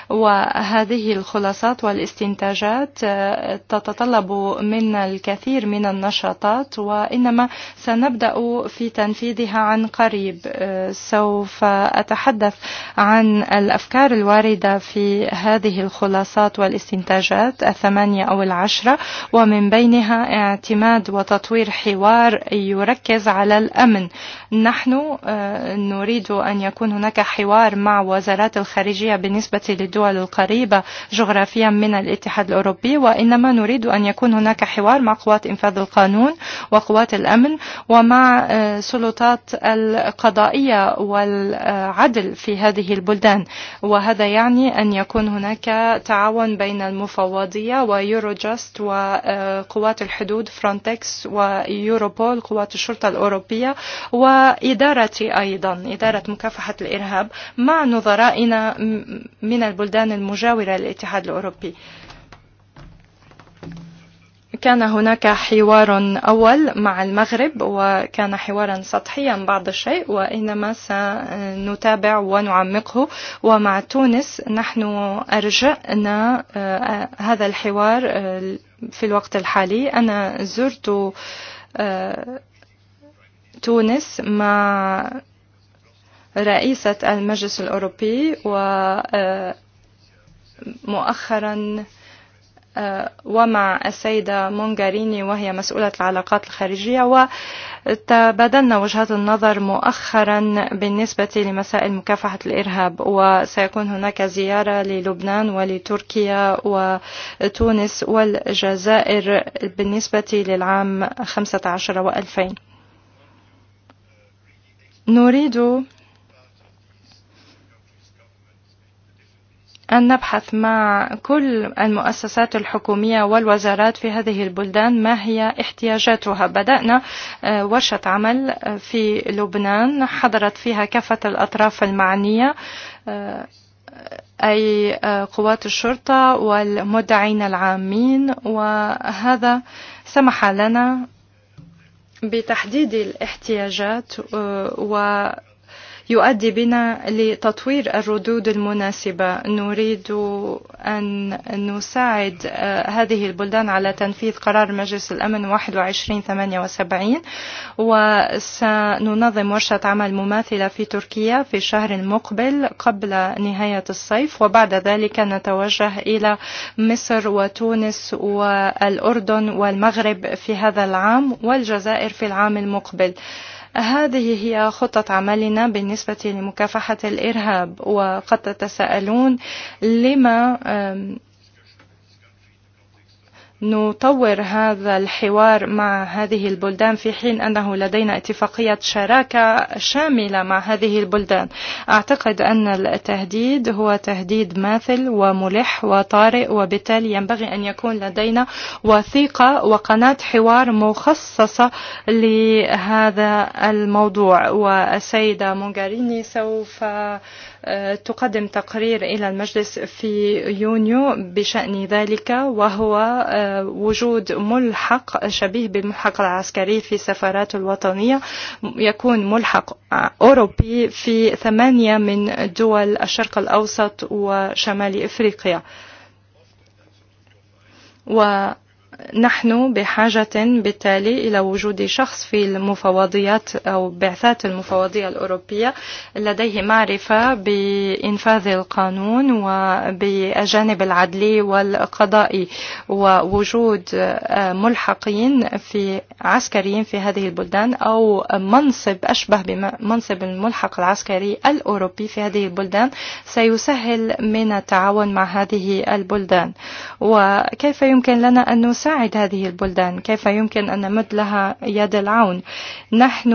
وهذه الخلاصات والاستنتاجات تتطلب من الكثير من النشاطات وإنما سنبدأ في تنفيذها عن قريب سوف أتحدث عن الأفكار الواردة في هذه الخلاصات والاستنتاجات الثمانية أو العشرة ومن بينها منها اعتماد وتطوير حوار يركز على الأمن نحن نريد أن يكون هناك حوار مع وزارات الخارجية بالنسبة للدول القريبة جغرافيا من الاتحاد الأوروبي وإنما نريد أن يكون هناك حوار مع قوات إنفاذ القانون وقوات الأمن ومع سلطات القضائية والعدل في هذه البلدان وهذا يعني أن يكون هناك تعاون بين المفوضية ويوروجاست وقوات قوات الحدود فrontex ويوروبول قوات الشرطة الأوروبية وإدارتي أيضا إدارة مكافحة الإرهاب مع نظرائنا من البلدان المجاورة للاتحاد الأوروبي كان هناك حوار أول مع المغرب وكان حوارا سطحيا بعض الشيء وإنما سنتابع ونعمقه ومع تونس نحن أرجعنا هذا الحوار في الوقت الحالي أنا زرت تونس مع رئيسة المجلس الأوروبي ومؤخرا مؤخرا ومع السيدة مونغاريني وهي مسؤولة العلاقات الخارجية وتبادلنا وجهات النظر مؤخرا بالنسبة لمسائل مكافحة الإرهاب وسيكون هناك زيارة للبنان ولتركيا وتونس والجزائر بالنسبة للعام 15 و2000 نريد أن نبحث مع كل المؤسسات الحكومية والوزارات في هذه البلدان ما هي احتياجاتها بدأنا ورشة عمل في لبنان حضرت فيها كافة الأطراف المعنية أي قوات الشرطة والمدعين العامين وهذا سمح لنا بتحديد الاحتياجات و يؤدي بنا لتطوير الردود المناسبة نريد أن نساعد هذه البلدان على تنفيذ قرار مجلس الأمن 2178 وسننظم ورشة عمل مماثلة في تركيا في الشهر المقبل قبل نهاية الصيف وبعد ذلك نتوجه إلى مصر وتونس والأردن والمغرب في هذا العام والجزائر في العام المقبل. هذه هي خطة عملنا بالنسبة لمكافحة الإرهاب وقد تتساءلون لما نطور هذا الحوار مع هذه البلدان في حين أنه لدينا اتفاقية شراكة شاملة مع هذه البلدان أعتقد أن التهديد هو تهديد ماثل وملح وطارئ وبالتالي ينبغي أن يكون لدينا وثيقة وقناة حوار مخصصة لهذا الموضوع والسيدة مونغاريني سوف تقدم تقرير إلى المجلس في يونيو بشأن ذلك وهو وجود ملحق شبيه بالملحق العسكري في السفارات الوطنية يكون ملحق أوروبي في ثمانية من دول الشرق الأوسط وشمال إفريقيا. و نحن بحاجة بالتالي إلى وجود شخص في المفاوضيات أو بعثات المفاوضية الأوروبية لديه معرفة بإنفاذ القانون وبأجانب العدلي والقضائي ووجود ملحقين في عسكريين في هذه البلدان أو منصب أشبه بمنصب الملحق العسكري الأوروبي في هذه البلدان سيسهل من التعاون مع هذه البلدان وكيف يمكن لنا أن نساعد تساعد هذه البلدان كيف يمكن أن نمد لها يد العون نحن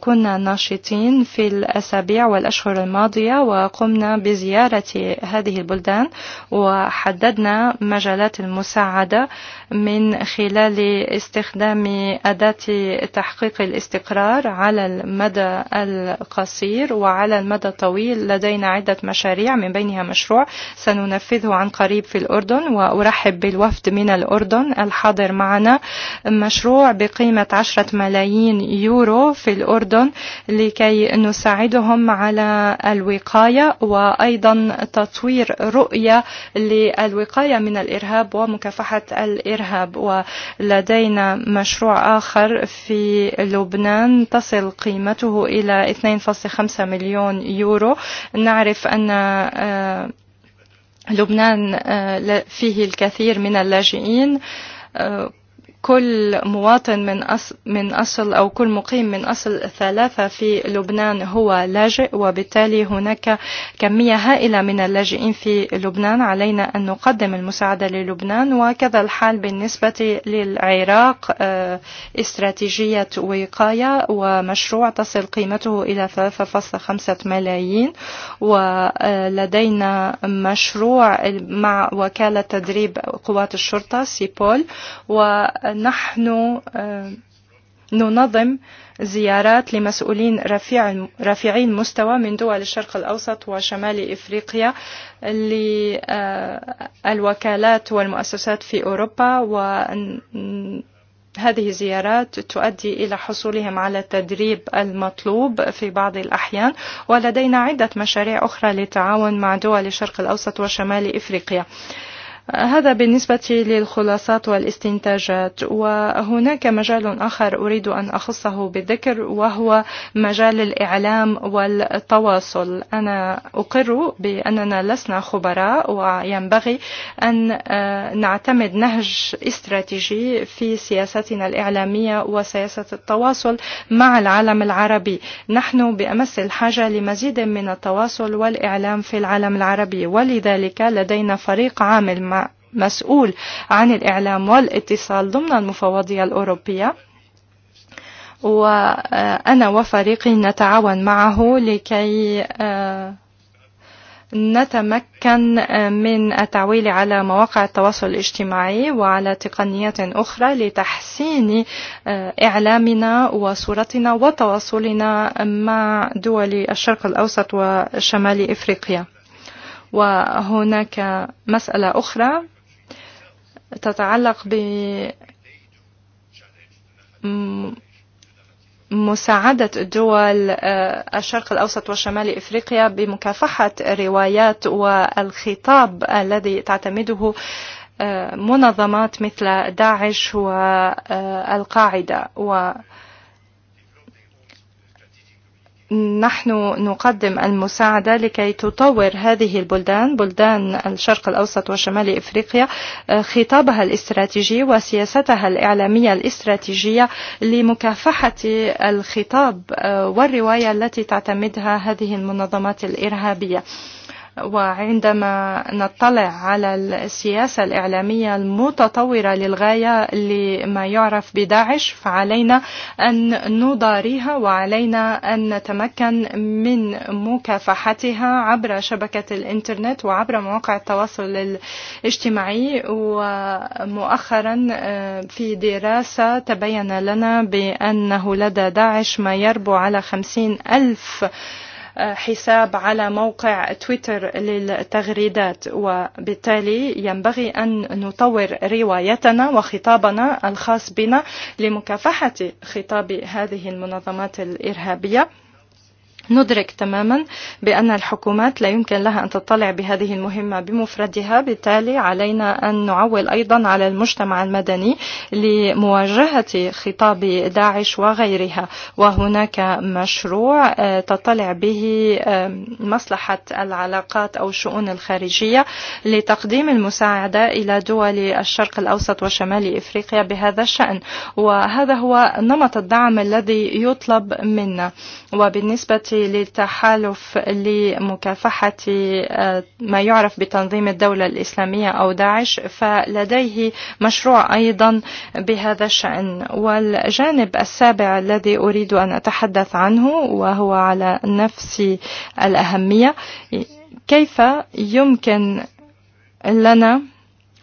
كنا ناشطين في الأسابيع والأشهر الماضية وقمنا بزيارة هذه البلدان وحددنا مجالات المساعدة من خلال استخدام أداة تحقيق الاستقرار على المدى القصير وعلى المدى الطويل لدينا عدة مشاريع من بينها مشروع سننفذه عن قريب في الأردن وأرحب بالوفد من الأردن الحاضر معنا مشروع بقيمة عشرة ملايين يورو في الأردن لكي نساعدهم على الوقاية وأيضا تطوير رؤية للوقاية من الإرهاب ومكافحة الإرهاب ولدينا مشروع آخر في لبنان تصل قيمته إلى 2.5 مليون يورو نعرف أن لبنان فيه الكثير من اللاجئين uh, كل مواطن من أصل, من أصل أو كل مقيم من أصل ثلاثة في لبنان هو لاجئ وبالتالي هناك كمية هائلة من اللاجئين في لبنان علينا أن نقدم المساعدة للبنان وكذا الحال بالنسبة للعراق استراتيجية وقاية ومشروع تصل قيمته إلى 3.5 ملايين ولدينا مشروع مع وكالة تدريب قوات الشرطة سيبول و نحن ننظم زيارات لمسؤولين رفيع رفيعي المستوى من دول الشرق الأوسط وشمال إفريقيا للوكالات والمؤسسات في أوروبا وهذه الزيارات تؤدي إلى حصولهم على التدريب المطلوب في بعض الأحيان ولدينا عدة مشاريع أخرى للتعاون مع دول الشرق الأوسط وشمال إفريقيا. هذا بالنسبة للخلاصات والاستنتاجات وهناك مجال آخر أريد أن أخصه بالذكر وهو مجال الإعلام والتواصل أنا أقر بأننا لسنا خبراء وينبغي أن نعتمد نهج استراتيجي في سياستنا الإعلامية وسياسة التواصل مع العالم العربي نحن بأمس الحاجة لمزيد من التواصل والإعلام في العالم العربي ولذلك لدينا فريق عامل مع مسؤول عن الإعلام والاتصال ضمن المفوضية الأوروبية وأنا وفريقي نتعاون معه لكي نتمكن من التعويل على مواقع التواصل الاجتماعي وعلى تقنيات أخرى لتحسين إعلامنا وصورتنا وتواصلنا مع دول الشرق الأوسط وشمال إفريقيا وهناك مسألة أخرى تتعلق ب مساعدة دول الشرق الأوسط وشمال إفريقيا بمكافحة الروايات والخطاب الذي تعتمده منظمات مثل داعش والقاعدة و نحن نقدم المساعدة لكي تطور هذه البلدان بلدان الشرق الأوسط وشمال إفريقيا خطابها الاستراتيجي وسياستها الإعلامية الاستراتيجية لمكافحة الخطاب والرواية التي تعتمدها هذه المنظمات الإرهابية. وعندما نطلع على السياسة الإعلامية المتطورة للغاية لما يعرف بداعش فعلينا أن نضاريها وعلينا أن نتمكن من مكافحتها عبر شبكة الإنترنت وعبر مواقع التواصل الاجتماعي ومؤخرا في دراسة تبين لنا بأنه لدى داعش ما يربو على خمسين ألف حساب على موقع تويتر للتغريدات وبالتالي ينبغي أن نطور روايتنا وخطابنا الخاص بنا لمكافحة خطاب هذه المنظمات الإرهابية ندرك تماما بأن الحكومات لا يمكن لها أن تطلع بهذه المهمة بمفردها بالتالي علينا أن نعول أيضا على المجتمع المدني لمواجهة خطاب داعش وغيرها وهناك مشروع تطلع به مصلحة العلاقات أو الشؤون الخارجية لتقديم المساعدة إلى دول الشرق الأوسط وشمال إفريقيا بهذا الشأن وهذا هو نمط الدعم الذي يطلب منا وبالنسبة التي للتحالف لمكافحة ما يعرف بتنظيم الدولة الإسلامية أو داعش فلديه مشروع أيضا بهذا الشأن والجانب السابع الذي أريد أن أتحدث عنه وهو على نفس الأهمية كيف يمكن لنا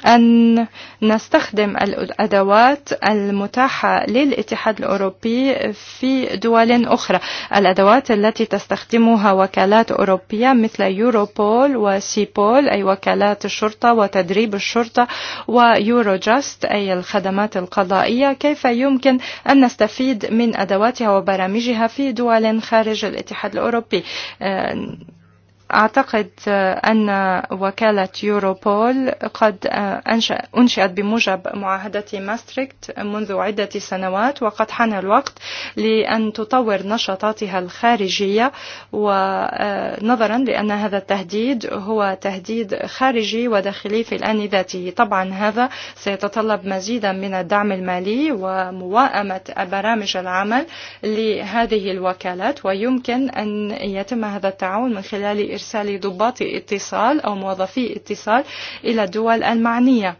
أن نستخدم الأدوات المتاحة للاتحاد الأوروبي في دول أخرى الأدوات التي تستخدمها وكالات أوروبية مثل يوروبول وسيبول أي وكالات الشرطة وتدريب الشرطة ويوروجاست أي الخدمات القضائية كيف يمكن أن نستفيد من أدواتها وبرامجها في دول خارج الاتحاد الأوروبي أعتقد أن وكالة يوروبول قد أنشأت بموجب معاهدة ماستريكت منذ عدة سنوات وقد حان الوقت لأن تطور نشاطاتها الخارجية ونظرا لأن هذا التهديد هو تهديد خارجي وداخلي في الآن ذاته طبعا هذا سيتطلب مزيدا من الدعم المالي وموائمة برامج العمل لهذه الوكالات ويمكن أن يتم هذا التعاون من خلال إرسال ضباط اتصال أو موظفي اتصال إلى الدول المعنية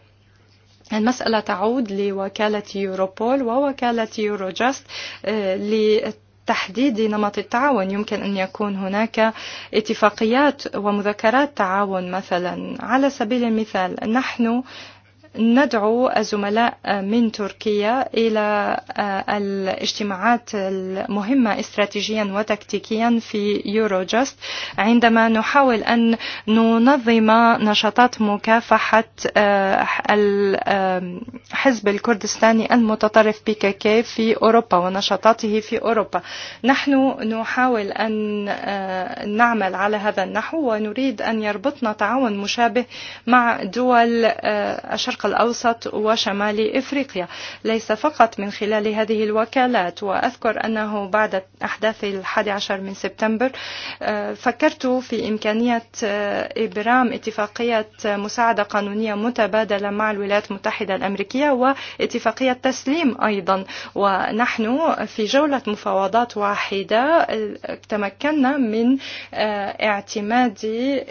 المسألة تعود لوكالة يوروبول ووكالة يوروجاست تحديد نمط التعاون يمكن أن يكون هناك اتفاقيات ومذكرات تعاون مثلا على سبيل المثال نحن ندعو الزملاء من تركيا إلى الاجتماعات المهمة استراتيجيا وتكتيكيا في يوروجاست عندما نحاول أن ننظم نشاطات مكافحة الحزب الكردستاني المتطرف PKK في أوروبا ونشاطاته في أوروبا نحن نحاول أن نعمل على هذا النحو ونريد أن يربطنا تعاون مشابه مع دول الشرق الأوسط وشمال إفريقيا ليس فقط من خلال هذه الوكالات وأذكر أنه بعد أحداث الحادي عشر من سبتمبر فكرت في إمكانية إبرام اتفاقية مساعدة قانونية متبادلة مع الولايات المتحدة الأمريكية واتفاقية تسليم أيضا ونحن في جولة مفاوضات واحدة تمكنا من اعتماد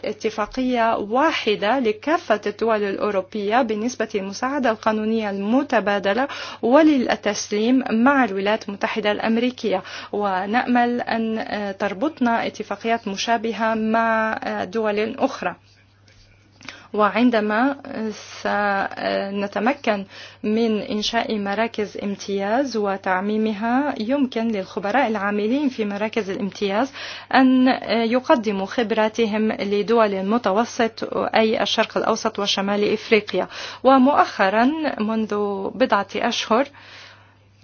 اتفاقية واحدة لكافة الدول الأوروبية بالنسبة بنسبة المساعدة القانونية المتبادلة وللتسليم مع الولايات المتحدة الأمريكية ونأمل أن تربطنا اتفاقيات مشابهة مع دول أخرى. وعندما سنتمكن من إنشاء مراكز امتياز وتعميمها يمكن للخبراء العاملين في مراكز الامتياز أن يقدموا خبراتهم لدول المتوسط أي الشرق الأوسط وشمال إفريقيا ومؤخرا منذ بضعة أشهر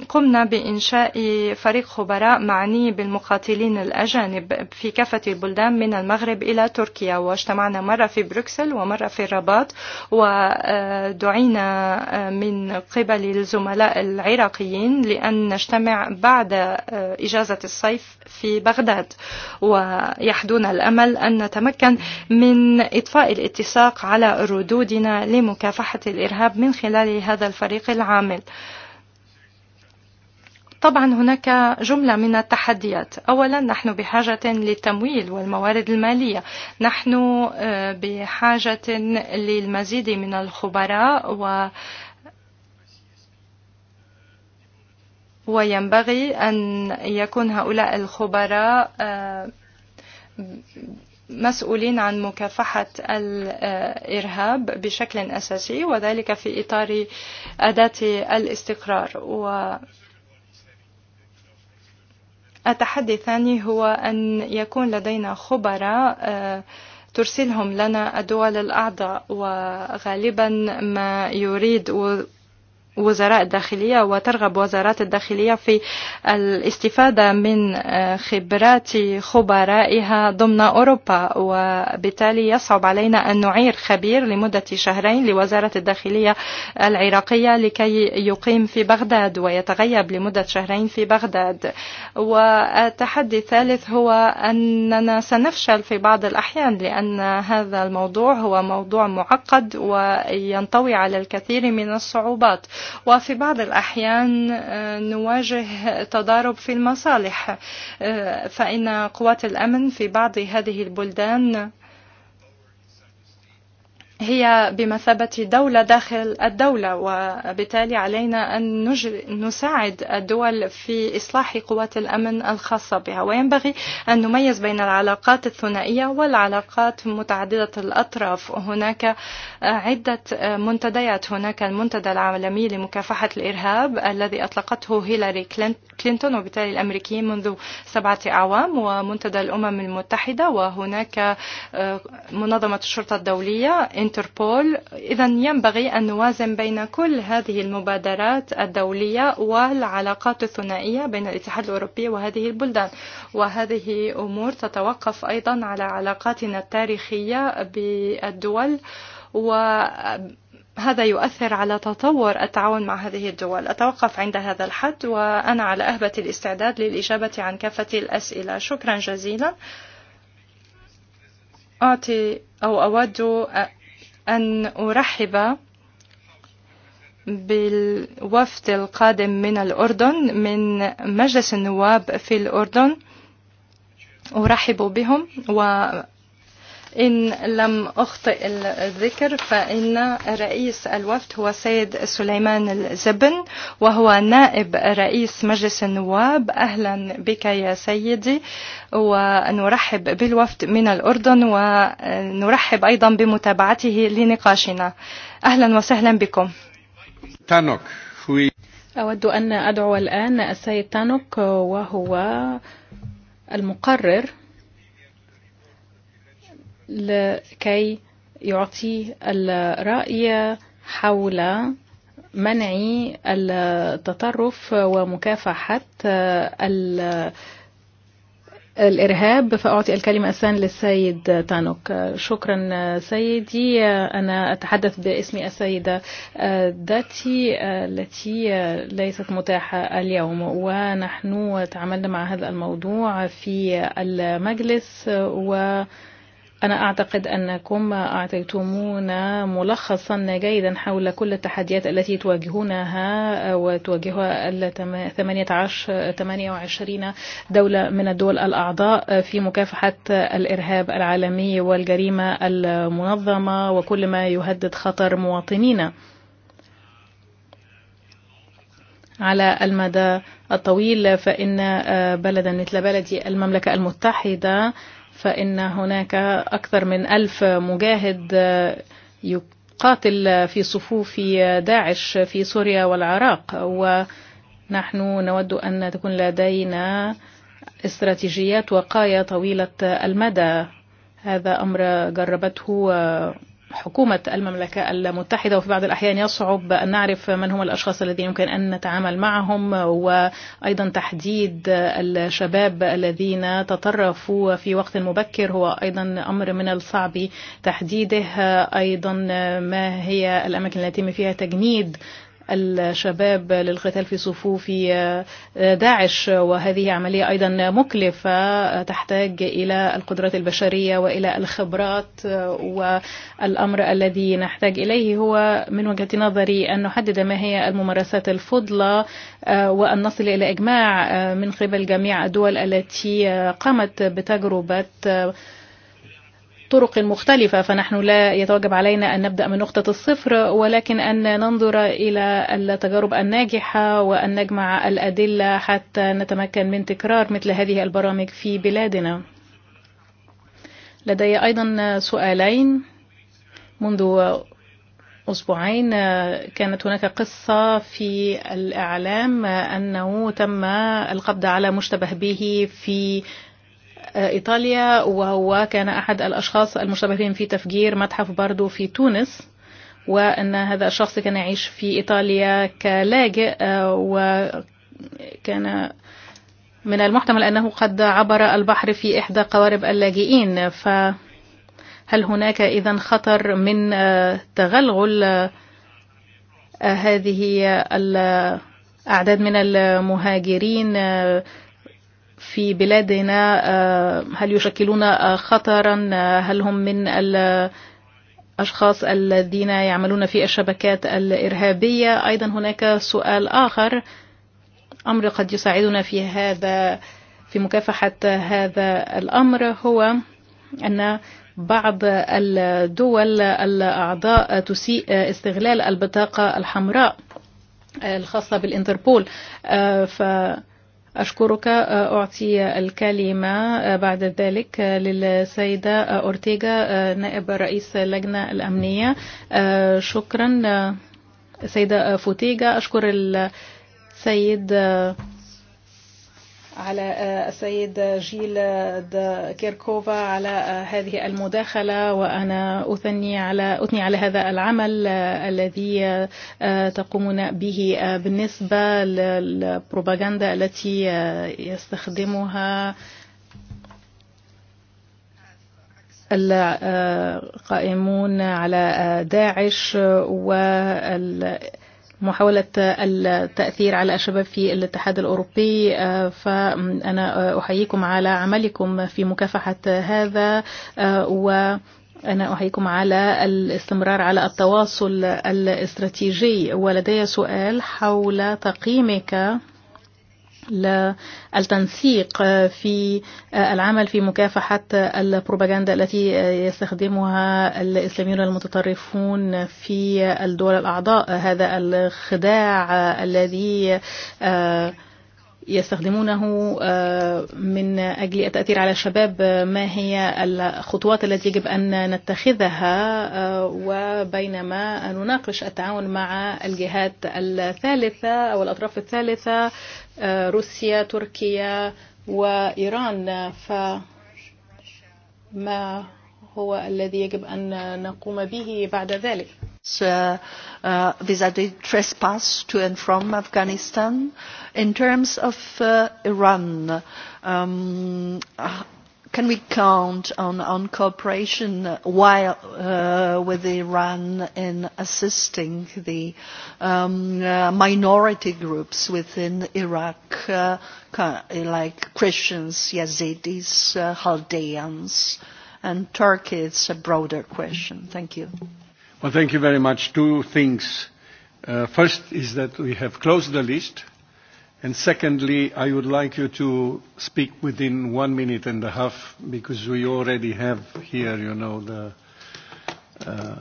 قمنا بإنشاء فريق خبراء معني بالمقاتلين الأجانب في كافة البلدان من المغرب إلى تركيا واجتمعنا مرة في بروكسل ومرة في الرباط ودعينا من قبل الزملاء العراقيين لأن نجتمع بعد إجازة الصيف في بغداد ويحدون الأمل أن نتمكن من إطفاء الاتساق على ردودنا لمكافحة الإرهاب من خلال هذا الفريق العامل. طبعا هناك جملة من التحديات أولا نحن بحاجة للتمويل والموارد المالية نحن بحاجة للمزيد من الخبراء و وينبغي أن يكون هؤلاء الخبراء مسؤولين عن مكافحة الإرهاب بشكل أساسي وذلك في إطار أداة الاستقرار و التحدي الثاني هو أن يكون لدينا خبراء ترسلهم لنا الدول الأعضاء وغالبا ما يريد وزراء الداخلية وترغب وزارات الداخلية في الاستفادة من خبرات خبرائها ضمن أوروبا وبالتالي يصعب علينا أن نعير خبير لمدة شهرين لوزارة الداخلية العراقية لكي يقيم في بغداد ويتغيب لمدة شهرين في بغداد والتحدي الثالث هو أننا سنفشل في بعض الأحيان لأن هذا الموضوع هو موضوع معقد وينطوي على الكثير من الصعوبات وفي بعض الأحيان نواجه تضارب في المصالح فإن قوات الأمن في بعض هذه البلدان هي بمثابة دولة داخل الدولة وبالتالي علينا أن نساعد الدول في إصلاح قوات الأمن الخاصة بها وينبغي أن نميز بين العلاقات الثنائية والعلاقات متعددة الأطراف هناك عدة منتديات هناك المنتدى العالمي لمكافحة الإرهاب الذي أطلقته هيلاري كلينتون وبالتالي الأمريكيين منذ سبعة أعوام ومنتدى الأمم المتحدة وهناك منظمة الشرطة الدولية Interpol إذا ينبغي أن نوازن بين كل هذه المبادرات الدولية والعلاقات الثنائية بين الاتحاد الأوروبي وهذه البلدان وهذه أمور تتوقف أيضا على علاقاتنا التاريخية بالدول و هذا يؤثر على تطور التعاون مع هذه الدول أتوقف عند هذا الحد وأنا على أهبة الاستعداد للإجابة عن كافة الأسئلة شكرا جزيلا أعطي أو أود أن أرحب بالوفد القادم من الأردن من مجلس النواب في الأردن أرحب بهم و إن لم أخطئ الذكر فإن رئيس الوفد هو سيد سليمان الزبن وهو نائب رئيس مجلس النواب أهلا بك يا سيدي ونرحب بالوفد من الأردن ونرحب أيضا بمتابعته لنقاشنا أهلا وسهلا بكم تانوك أود أن أدعو الآن السيد تانوك وهو المقرر لكي يعطي الرأي حول منع التطرف ومكافحة الإرهاب فأعطي الكلمة الثانية للسيد تانوك شكرا سيدي أنا أتحدث باسم السيدة داتي التي ليست متاحة اليوم ونحن تعاملنا مع هذا الموضوع في المجلس ونحن أنا أعتقد أنكم أعطيتمونا ملخصا جيدا حول كل التحديات التي تواجهونها وتواجهها ال 28 دولة من الدول الأعضاء في مكافحة الإرهاب العالمي والجريمة المنظمة وكل ما يهدد خطر مواطنينا على المدى الطويل فإن بلدا مثل بلدي المملكة المتحدة فإن هناك أكثر من ألف مجاهد يقاتل في صفوف داعش في سوريا والعراق ونحن نود أن تكون لدينا استراتيجيات وقاية طويلة المدى هذا أمر جربته حكومة المملكة المتحدة وفي بعض الأحيان يصعب أن نعرف من هم الأشخاص الذين يمكن أن نتعامل معهم وأيضا تحديد الشباب الذين تطرفوا في وقت مبكر هو أيضا أمر من الصعب تحديده أيضا ما هي الأماكن التي يتم فيها تجنيد الشباب للقتال في صفوف داعش وهذه عملية أيضا مكلفة تحتاج إلى القدرات البشرية وإلى الخبرات والأمر الذي نحتاج إليه هو من وجهة نظري أن نحدد ما هي الممارسات الفضلة وأن نصل إلى إجماع من قبل جميع الدول التي قامت بتجربة طرق مختلفة فنحن لا يتوجب علينا أن نبدأ من نقطة الصفر ولكن أن ننظر إلى التجارب الناجحة وأن نجمع الأدلة حتى نتمكن من تكرار مثل هذه البرامج في بلادنا لدي أيضا سؤالين منذ أسبوعين كانت هناك قصة في الإعلام أنه تم القبض على مشتبه به في إيطاليا وهو كان أحد الأشخاص المشتبهين في تفجير متحف باردو في تونس وأن هذا الشخص كان يعيش في إيطاليا كلاجئ وكان من المحتمل أنه قد عبر البحر في إحدى قوارب اللاجئين فهل هناك إذا خطر من تغلغل هذه الأعداد من المهاجرين في بلادنا هل يشكلون خطرا هل هم من الأشخاص الذين يعملون في الشبكات الإرهابية أيضا هناك سؤال آخر أمر قد يساعدنا في هذا في مكافحة هذا الأمر هو أن بعض الدول الأعضاء تسيء استغلال البطاقة الحمراء الخاصة بالإنتربول ف أشكرك أعطي الكلمة بعد ذلك للسيدة أورتيغا نائب رئيس اللجنة الأمنية شكرا سيدة فوتيغا أشكر السيد على السيد جيل كيركوفا على هذه المداخلة وأنا أثني على أثني على هذا العمل الذي تقومون به بالنسبة للبروباغندا التي يستخدمها القائمون على داعش وال محاولة التأثير على الشباب في الاتحاد الأوروبي فأنا أحييكم على عملكم في مكافحة هذا و أنا أحييكم على الاستمرار على التواصل الاستراتيجي ولدي سؤال حول تقييمك التنسيق في العمل في مكافحة البروباغندا التي يستخدمها الإسلاميون المتطرفون في الدول الأعضاء هذا الخداع الذي يستخدمونه من أجل التأثير على الشباب ما هي الخطوات التي يجب أن نتخذها وبينما نناقش التعاون مع الجهات الثالثة أو الأطراف الثالثة روسيا تركيا وإيران فما هو الذي يجب أن نقوم به بعد ذلك vis-à-vis uh, trespass to and from Afghanistan uh, In terms of uh, Iran, um, can we count on, on cooperation while uh, with Iran in assisting the um, uh, minority groups within Iraq, uh, like Christians, Yazidis, uh, Haldeans, and Turkey? It's a broader question. Thank you. Well, thank you very much. Two things. Uh, first is that we have closed the list And secondly, I would like you to speak within one minute and a half because we already have here, you know, the, uh,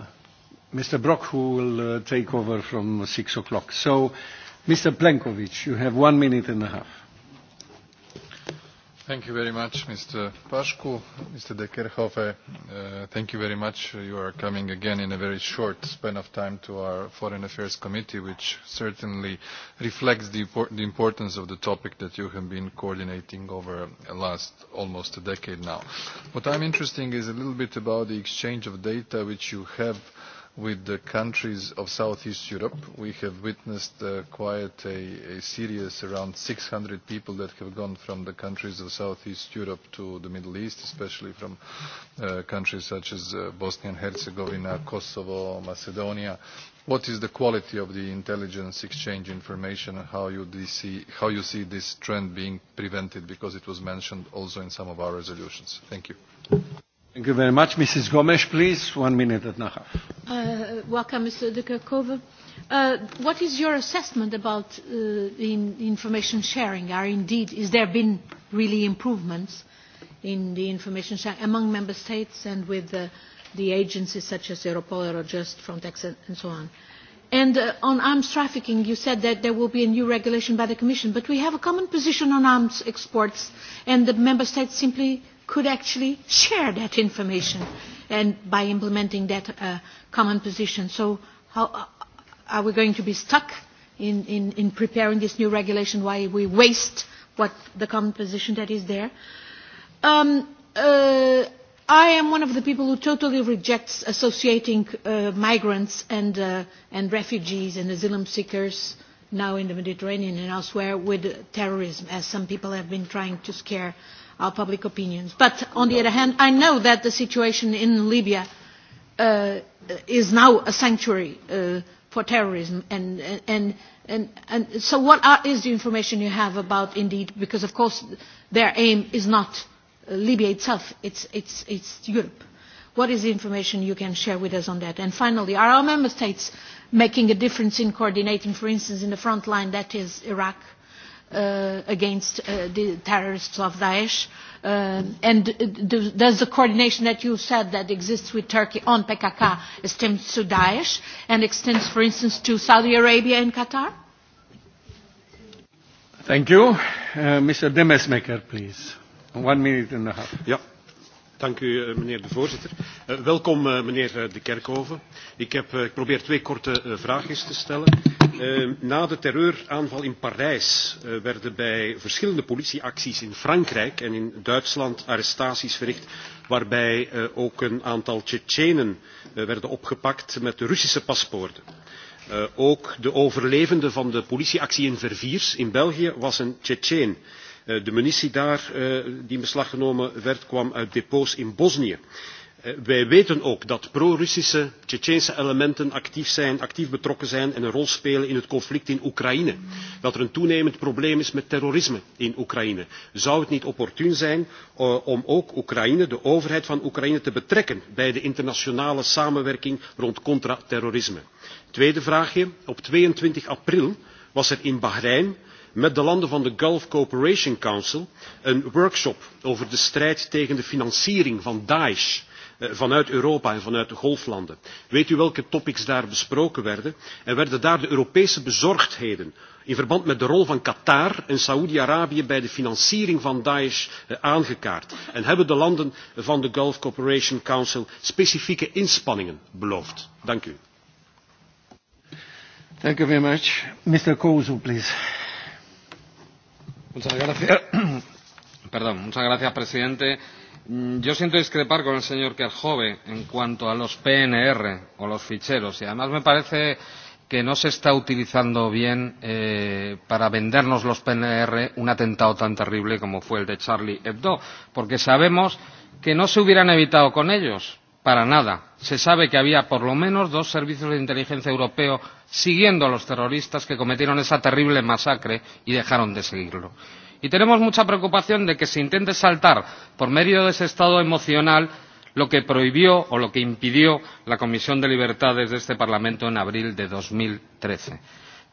Mr. Brock who will uh, take over from six o'clock. So, Mr. Plenkovic, you have one minute and a half. Thank you very much, Mr. Pashku. Mr. De Kerchove, uh, thank you very much. You are coming again in a very short span of time to our Foreign Affairs Committee, which certainly reflects the, the importance of the topic that you have been coordinating over the last almost a decade now. What I'm interested in is a little bit about the exchange of data which you have with the countries of Southeast Europe. We have witnessed uh, quite a, a serious around 600 people that have gone from the countries of Southeast Europe to the Middle East, especially from uh, countries such as uh, Bosnia and Herzegovina, Kosovo, Macedonia. What is the quality of the intelligence exchange information and how you, see, how you see this trend being prevented because it was mentioned also in some of our resolutions? Thank you. Thank you very much. Mrs. Gomes, please, one minute and a half. Uh, welcome, Mr. Dukakova. Uh, what is your assessment about uh, in information sharing? Are indeed, is there been really improvements in the information sharing among member states and with the, the agencies such as Europol, Eurojust, Frontex, and, and so on? And uh, on arms trafficking, you said that there will be a new regulation by the Commission, but we have a common position on arms exports, and the member states simply could actually share that information and by implementing that uh, common position. So how uh, are we going to be stuck in, in, in preparing this new regulation why we waste what the common position that is there? Um, uh, I am one of the people who totally rejects associating uh, migrants and, uh, and refugees and asylum seekers now in the Mediterranean and elsewhere with terrorism, as some people have been trying to scare uh, our public opinions. But on the other hand, I know that the situation in Libya uh, is now a sanctuary uh, for terrorism. And, and, and, and so what are, is the information you have about indeed, because of course their aim is not uh, Libya itself, it's, it's, it's Europe. What is the information you can share with us on that? And finally, are our member states making a difference in coordinating, for instance, in the front line that is Iraq? Uh, uh, against uh, the terrorists of Daesh? Uh, and do, does the coordination that you said that exists with Turkey on PKK extends to Daesh and extends, for instance, to Saudi Arabia and Qatar? Thank you. Uh, Mr. Demesmaker, please. One minute and a half. Yeah. Dank u, eh, meneer de voorzitter. Uh, welkom, uh, meneer De Kerkhoven. Ik, heb, uh, ik probeer twee korte uh, vraagjes te stellen. Uh, na de terreuraanval in Parijs uh, werden bij verschillende politieacties in Frankrijk en in Duitsland arrestaties verricht waarbij uh, ook een aantal Tsjetsjenen uh, werden opgepakt met Russische paspoorten. Uh, ook de overlevende van de politieactie in Verviers in België was een Tsjetsjeen. Eh, de munitie daar, eh, die in beslag genomen werd, kwam uit depots in Bosnië. Eh, wij weten ook dat pro-Russische Tsjetsjeense elementen actief, zijn, actief betrokken zijn en een rol spelen in het conflict in Oekraïne. Dat er een toenemend probleem is met terrorisme in Oekraïne. Zou het niet opportun zijn uh, om ook Oekraïne, de overheid van Oekraïne, te betrekken bij de internationale samenwerking rond contraterrorisme? Tweede vraagje. Op 22 april was er in Bahrein met de landen van de Gulf Cooperation Council een workshop over de strijd tegen de financiering van Daesh eh, vanuit Europa en vanuit de golflanden. Weet u welke topics daar besproken werden? En werden daar de Europese bezorgdheden in verband met de rol van Qatar en Saoedi-Arabië bij de financiering van Daesh eh, aangekaart? En hebben de landen van de Gulf Cooperation Council specifieke inspanningen beloofd? Dank u. Thank you very much. Mr. Kozu, please. Muchas gracias. Perdón, muchas gracias, presidente. Mm, yo siento discrepar con el señor Kerjove en cuanto a los PNR o los ficheros y además me parece que no se está utilizando bien eh, para vendernos los PNR un atentado tan terrible como fue el de Charlie Hebdo, porque sabemos que no se hubieran evitado con ellos, Para nada. Se sabe que había por lo menos dos servicios de inteligencia europeos siguiendo a los terroristas que cometieron esa terrible masacre y dejaron de seguirlo. Y tenemos mucha preocupación de que se intente saltar por medio de ese estado emocional lo que prohibió o lo que impidió la Comisión de Libertades de este Parlamento en abril de 2013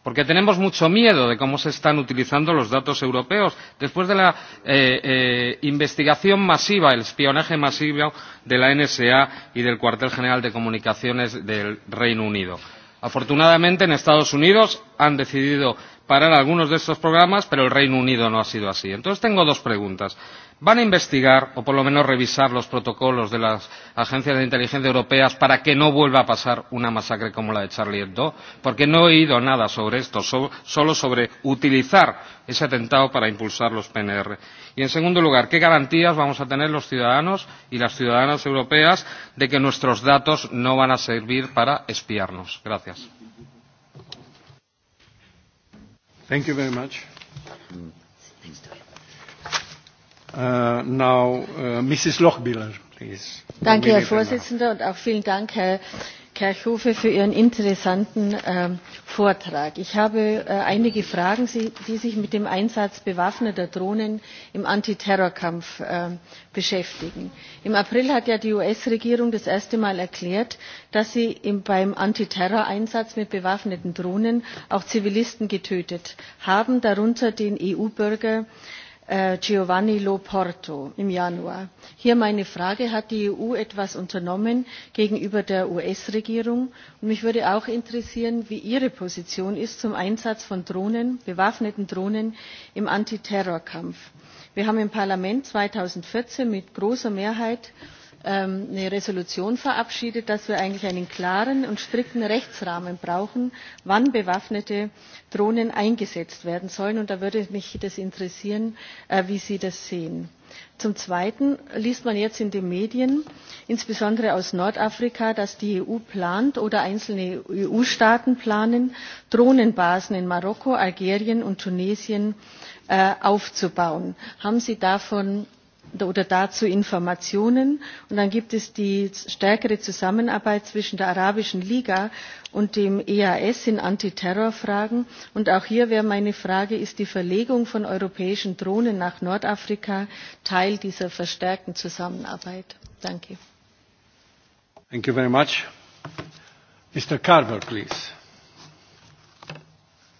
porque tenemos mucho miedo de cómo se están utilizando los datos europeos después de la eh, eh, investigación masiva, el espionaje masivo de la NSA y del Cuartel General de Comunicaciones del Reino Unido. Afortunadamente en Estados Unidos han decidido parar algunos de estos programas, pero el Reino Unido no ha sido así. Entonces tengo dos preguntas van a investigar o por lo menos revisar los protocolos de las agencias de inteligencia europeas para que no vuelva a pasar una masacre como la de Charlie Hebdo, porque no he oído nada sobre esto, solo sobre utilizar ese atentado para impulsar los PNR. Y en segundo lugar, ¿qué garantías vamos a tener los ciudadanos y las ciudadanas europeas de que nuestros datos no van a servir para espiarnos? Gracias. Thank you very much. Mm. Uh, now, uh, Mrs. Lochbiller, please. Danke, Herr Vorsitzender, und auch vielen Dank, Herr Kerchhofe, für Ihren interessanten ähm, Vortrag. Ich habe äh, einige Fragen, die sich mit dem Einsatz bewaffneter Drohnen im Antiterrorkampf äh, beschäftigen. Im April hat ja die US-Regierung das erste Mal erklärt, dass sie im, beim Antiterror-Einsatz mit bewaffneten Drohnen auch Zivilisten getötet haben, darunter den EU-Bürger Äh, Giovanni Loporto im Januar. Hier meine Frage, hat die EU etwas unternommen gegenüber der US-Regierung? Und mich würde auch interessieren, wie Ihre Position ist zum Einsatz von Drohnen, bewaffneten Drohnen im Antiterrorkampf. Wir haben im Parlament 2014 mit großer Mehrheit ähm, eine Resolution verabschiedet, dass wir eigentlich einen klaren und strikten Rechtsrahmen brauchen, wann bewaffnete Drohnen eingesetzt werden sollen. Und da würde mich das interessieren, äh, wie Sie das sehen. Zum Zweiten liest man jetzt in den Medien, insbesondere aus Nordafrika, dass die EU plant oder einzelne EU-Staaten planen, Drohnenbasen in Marokko, Algerien und Tunesien äh, aufzubauen. Haben Sie davon oder dazu Informationen. Und dann gibt es die stärkere Zusammenarbeit zwischen der Arabischen Liga und dem EAS in Antiterrorfragen. Und auch hier wäre meine Frage, ist die Verlegung von europäischen Drohnen nach Nordafrika Teil dieser verstärkten Zusammenarbeit? Danke. Thank you very much. Mr. Carver, please.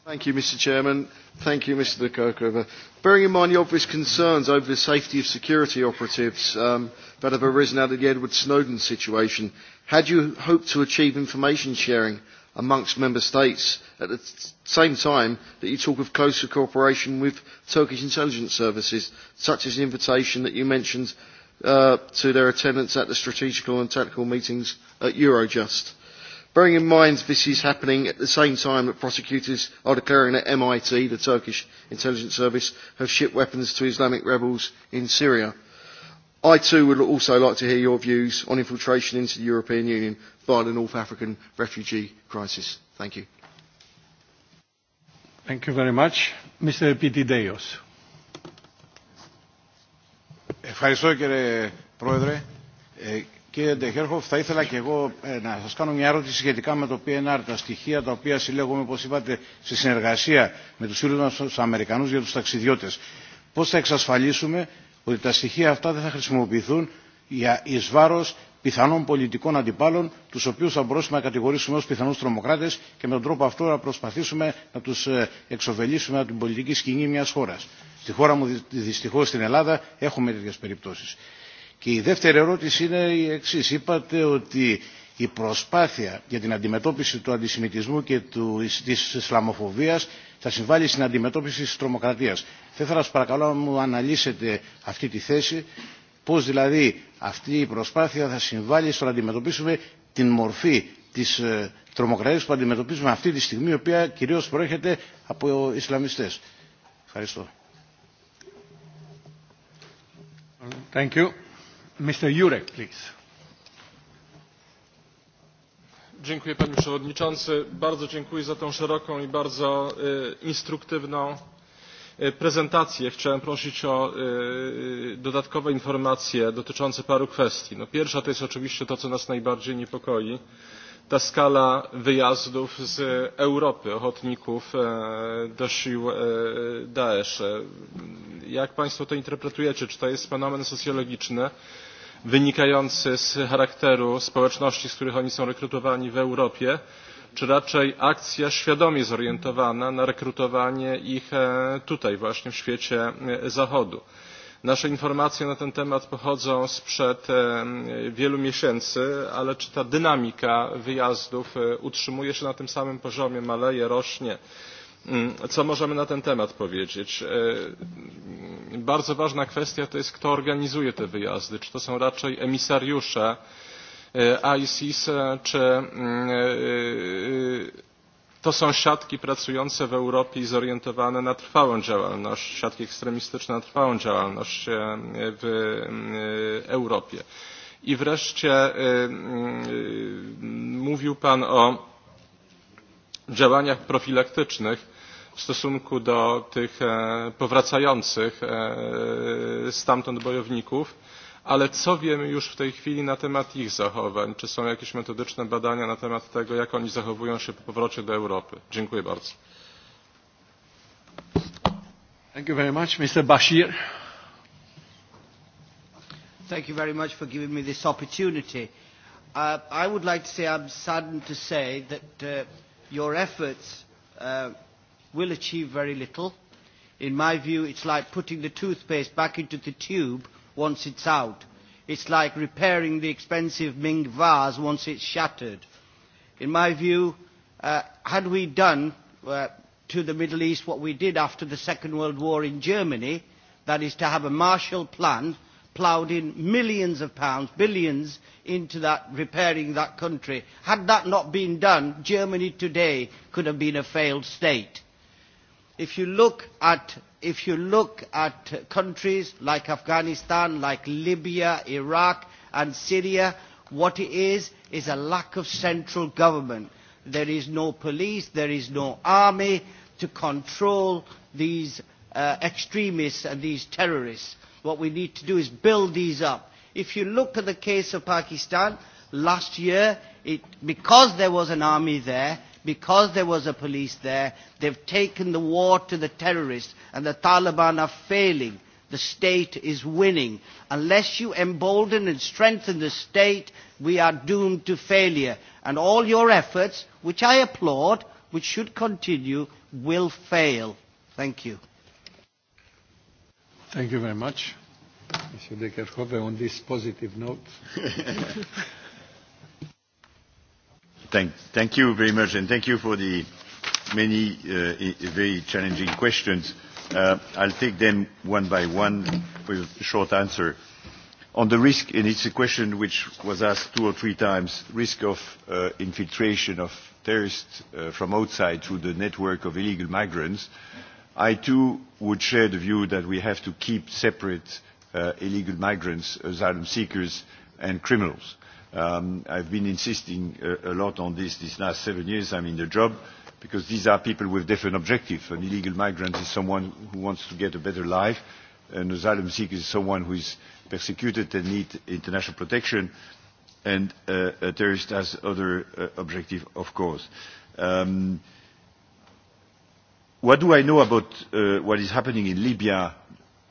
Thank you, Mr. Chairman. Thank you, Mr. Kirkover. Bearing in mind the obvious concerns over the safety of security operatives um, that have arisen out of the Edward Snowden situation, had you hoped to achieve information sharing amongst member states at the same time that you talk of closer cooperation with Turkish intelligence services, such as the invitation that you mentioned uh, to their attendance at the strategical and tactical meetings at Eurojust? Bearing in mind this is happening at the same time that prosecutors are declaring that MIT, the Turkish intelligence service, have shipped weapons to Islamic rebels in Syria. I too would also like to hear your views on infiltration into the European Union by the North African refugee crisis. Thank you. Thank you very much. Mr. Pitideos. Ευχαριστώ κύριε Πρόεδρε. Κύριε Ντεχέρχοφ, θα ήθελα και εγώ ε, να σας κάνω μια ερώτηση σχετικά με το PNR, τα στοιχεία τα οποία συλλέγουμε, όπως είπατε, σε συνεργασία με τους φίλους μας τους Αμερικανούς για τους ταξιδιώτες. Πώς θα εξασφαλίσουμε ότι τα στοιχεία αυτά δεν θα χρησιμοποιηθούν για εις βάρος πιθανών πολιτικών αντιπάλων, τους οποίους θα μπορούσαμε να κατηγορήσουμε ως πιθανούς τρομοκράτες και με τον τρόπο αυτό να προσπαθήσουμε να τους εξοφελήσουμε από την πολιτική σκηνή μιας χώρας. Στη χώρα μου, δυστυχώς στην Ελλάδα, έχουμε τέτοιες περιπτώσεις. Και η δεύτερη ερώτηση είναι η εξή. Είπατε ότι η προσπάθεια για την αντιμετώπιση του αντισημιτισμού και του, της Ισλαμοφοβίας θα συμβάλλει στην αντιμετώπιση της τρομοκρατίας. Θα ήθελα σας παρακαλώ να μου αναλύσετε αυτή τη θέση, πώς δηλαδή αυτή η προσπάθεια θα συμβάλλει στο να αντιμετωπίσουμε την μορφή της ε, τρομοκρατίας που αντιμετωπίζουμε αυτή τη στιγμή, η οποία κυρίως προέρχεται από Ισλαμιστές. Ευχαριστώ. Thank you. Mr. Jurek, please. Dziękuję Panie Przewodniczący. Bardzo dziękuję za tą szeroką i bardzo e, instruktywną e, prezentację. Chciałem prosić o e, dodatkowe informacje dotyczące paru kwestii. No, pierwsza to jest oczywiście to, co nas najbardziej niepokoi. Ta skala wyjazdów z Europy, ochotników e, do sił e, Daesh. Jak Państwo to interpretujecie? Czy to jest fenomen socjologiczny? wynikający z charakteru społeczności, z których oni są rekrutowani w Europie, czy raczej akcja świadomie zorientowana na rekrutowanie ich e, tutaj właśnie w świecie e, Zachodu. Nasze informacje na ten temat pochodzą sprzed e, wielu miesięcy, ale czy ta dynamika wyjazdów utrzymuje się na tym samym poziomie, maleje, rośnie? Mm, co możemy na ten temat powiedzieć? E, bardzo ważna kwestia to jest, kto organizuje te wyjazdy. Czy to są raczej emisariusze e, ISIS, czy mm, e, to są siatki pracujące w Europie i zorientowane na trwałą działalność, siatki ekstremistyczne na trwałą działalność w Europie. I wreszcie mówił Pan o działaniach profilaktycznych w stosunku do tych e, powracających e, stamtąd bojowników, ale co wiemy już w tej chwili na temat ich zachowań? Czy są jakieś metodyczne badania na temat tego, jak oni zachowują się po powrocie do Europy? Dziękuję bardzo. Thank you very much, Mr. Bashir. Thank you very much for giving me this opportunity. Uh, I would like to say I'm saddened to say that uh, your efforts uh, will achieve very little. In my view, it's like putting the toothpaste back into the tube once it's out. It's like repairing the expensive Ming vase once it's shattered. In my view, uh, had we done uh, to the Middle East what we did after the Second World War in Germany, that is to have a Marshall Plan ploughed in millions of pounds, billions, into that, repairing that country. Had that not been done, Germany today could have been a failed state if you look at if you look at countries like Afghanistan, like Libya, Iraq and Syria, what it is is a lack of central government. There is no police, there is no army to control these uh, extremists and these terrorists. What we need to do is build these up. If you look at the case of Pakistan, last year, it, because there was an army there, because there was a police there, they've taken the war to the terrorists and the Taliban are failing. The state is winning. Unless you embolden and strengthen the state, we are doomed to failure. And all your efforts, which I applaud, which should continue, will fail. Thank you. Thank you very much, Mr. Dekerhove, on this positive note. Thank, thank you very much and thank you for the many uh, very challenging questions. Uh, I'll take them one by one with a short answer. On the risk, and it's a question which was asked two or three times, risk of uh, infiltration of terrorists uh, from outside through the network of illegal migrants, I too would share the view that we have to keep separate uh, illegal migrants, asylum seekers and criminals Um, I've been insisting a, uh, a lot on this these last seven years I'm in the job because these are people with different objectives. An illegal migrant is someone who wants to get a better life. An asylum seeker is someone who is persecuted and needs international protection. And uh, a terrorist has other uh, objectives, of course. Um, what do I know about uh, what is happening in Libya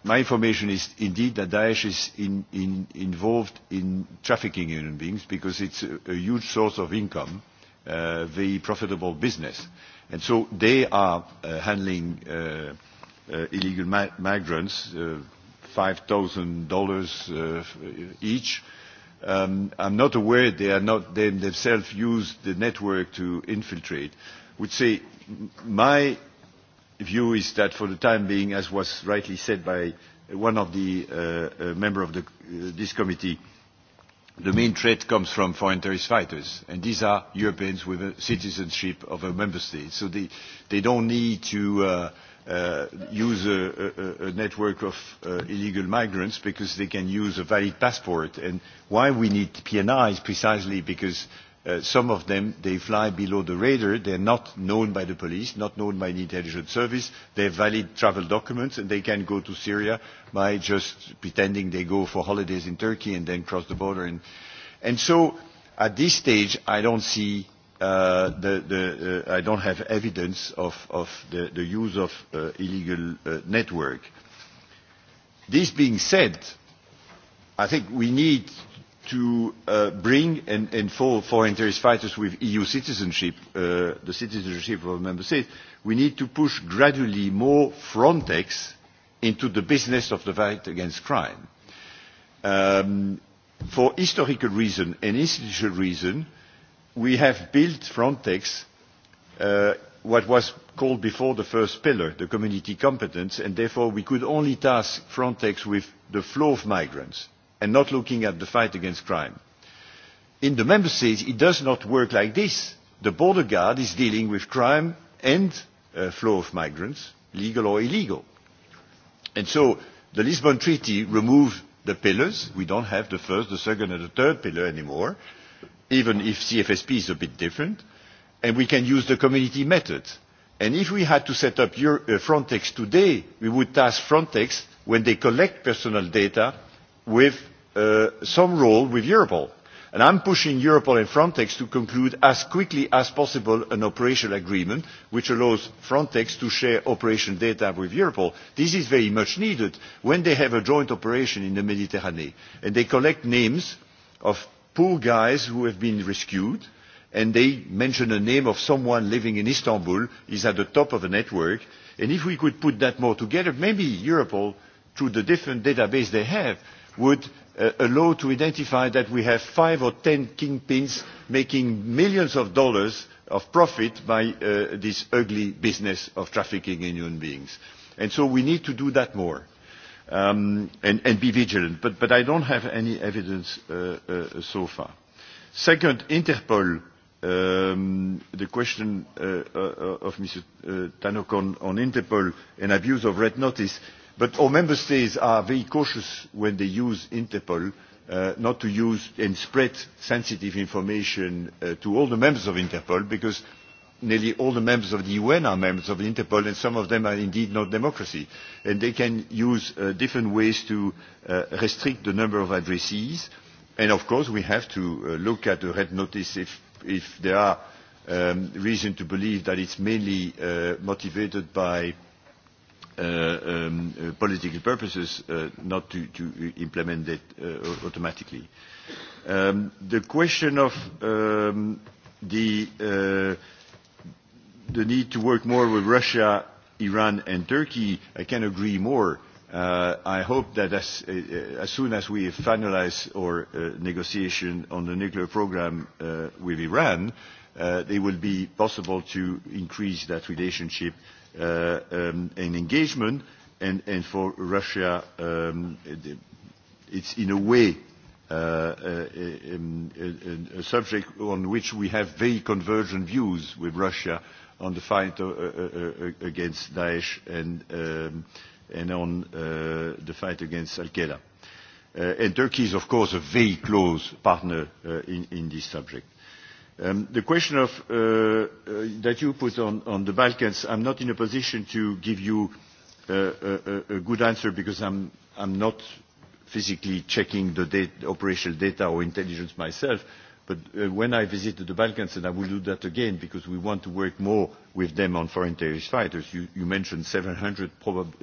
My information is indeed that Daesh is in, in, involved in trafficking human beings because it's a, a huge source of income, uh, very profitable business. And so they are uh, handling uh, uh, illegal ma migrants, uh, $5,000 uh, each. Um, I'm not aware they are not they themselves use the network to infiltrate. would say my view is that for the time being, as was rightly said by one of the uh, uh, members of the, uh, this committee, the main threat comes from foreign terrorist fighters, and these are Europeans with a citizenship of a member state. So they, they don't need to uh, uh, use a, a, a network of uh, illegal migrants because they can use a valid passport. And why we need PNI is precisely because Uh, some of them, they fly below the radar. They're not known by the police, not known by the intelligence service. They have valid travel documents, and they can go to Syria by just pretending they go for holidays in Turkey and then cross the border. And, and so at this stage, I don't see uh, the, the, uh, I don't have evidence of, of the, the use of uh, illegal uh, network. This being said, I think we need to uh, bring and, and for foreign terrorist fighters with EU citizenship, uh, the citizenship of a member state, we need to push gradually more Frontex into the business of the fight against crime. Um, for historical reason and institutional reason, we have built Frontex uh, what was called before the first pillar, the community competence, and therefore we could only task Frontex with the flow of migrants and not looking at the fight against crime. In the member states, it does not work like this. The border guard is dealing with crime and uh, flow of migrants, legal or illegal. And so the Lisbon Treaty removed the pillars. We don't have the first, the second, and the third pillar anymore, even if CFSP is a bit different. And we can use the community method. And if we had to set up Euro uh, Frontex today, we would task Frontex when they collect personal data with uh, some role with Europol. And I'm pushing Europol and Frontex to conclude as quickly as possible an operational agreement which allows Frontex to share operation data with Europol. This is very much needed when they have a joint operation in the Mediterranean and they collect names of poor guys who have been rescued and they mention the name of someone living in Istanbul is at the top of the network. And if we could put that more together, maybe Europol, through the different database they have, would uh, allow to identify that we have five or ten kingpins making millions of dollars of profit by uh, this ugly business of trafficking in human beings. And so we need to do that more um, and, and be vigilant. But, but I don't have any evidence uh, uh, so far. Second, Interpol, um, the question uh, uh, uh of Mr. Uh, Tanok on, on Interpol and abuse of red notice. Uh, But all member states are very cautious when they use Interpol uh, not to use and spread sensitive information uh, to all the members of Interpol because nearly all the members of the UN are members of Interpol and some of them are indeed not democracy. And they can use uh, different ways to uh, restrict the number of addressees. And of course we have to uh, look at the red notice if, if there are um, reason to believe that it's mainly uh, motivated by uh, Uh, um, uh, political purposes uh, not to, to implement that uh, automatically. Um, the question of um, the, uh, the need to work more with Russia, Iran and Turkey, I can agree more. Uh, I hope that as, uh, uh as soon as we finalize our uh, negotiation on the nuclear program uh, with Iran, uh, it will be possible to increase that relationship uh, uh, um, an engagement, and, and for Russia, um, it's in a way uh, uh um, a, a, a subject on which we have very convergent views with Russia on the fight uh uh, uh, uh, against Daesh and, um, and on uh, the fight against Al-Qaeda. Uh, and Turkey is, of course, a very close partner uh, in, in this subject. Um, the question of, uh, uh, that you put on, on the Balkans, I'm not in a position to give you uh, a, a good answer because I'm, I'm not physically checking the data, operational data or intelligence myself. But uh, when I visited the Balkans, and I will do that again because we want to work more with them on foreign terrorist fighters, you, you mentioned 700,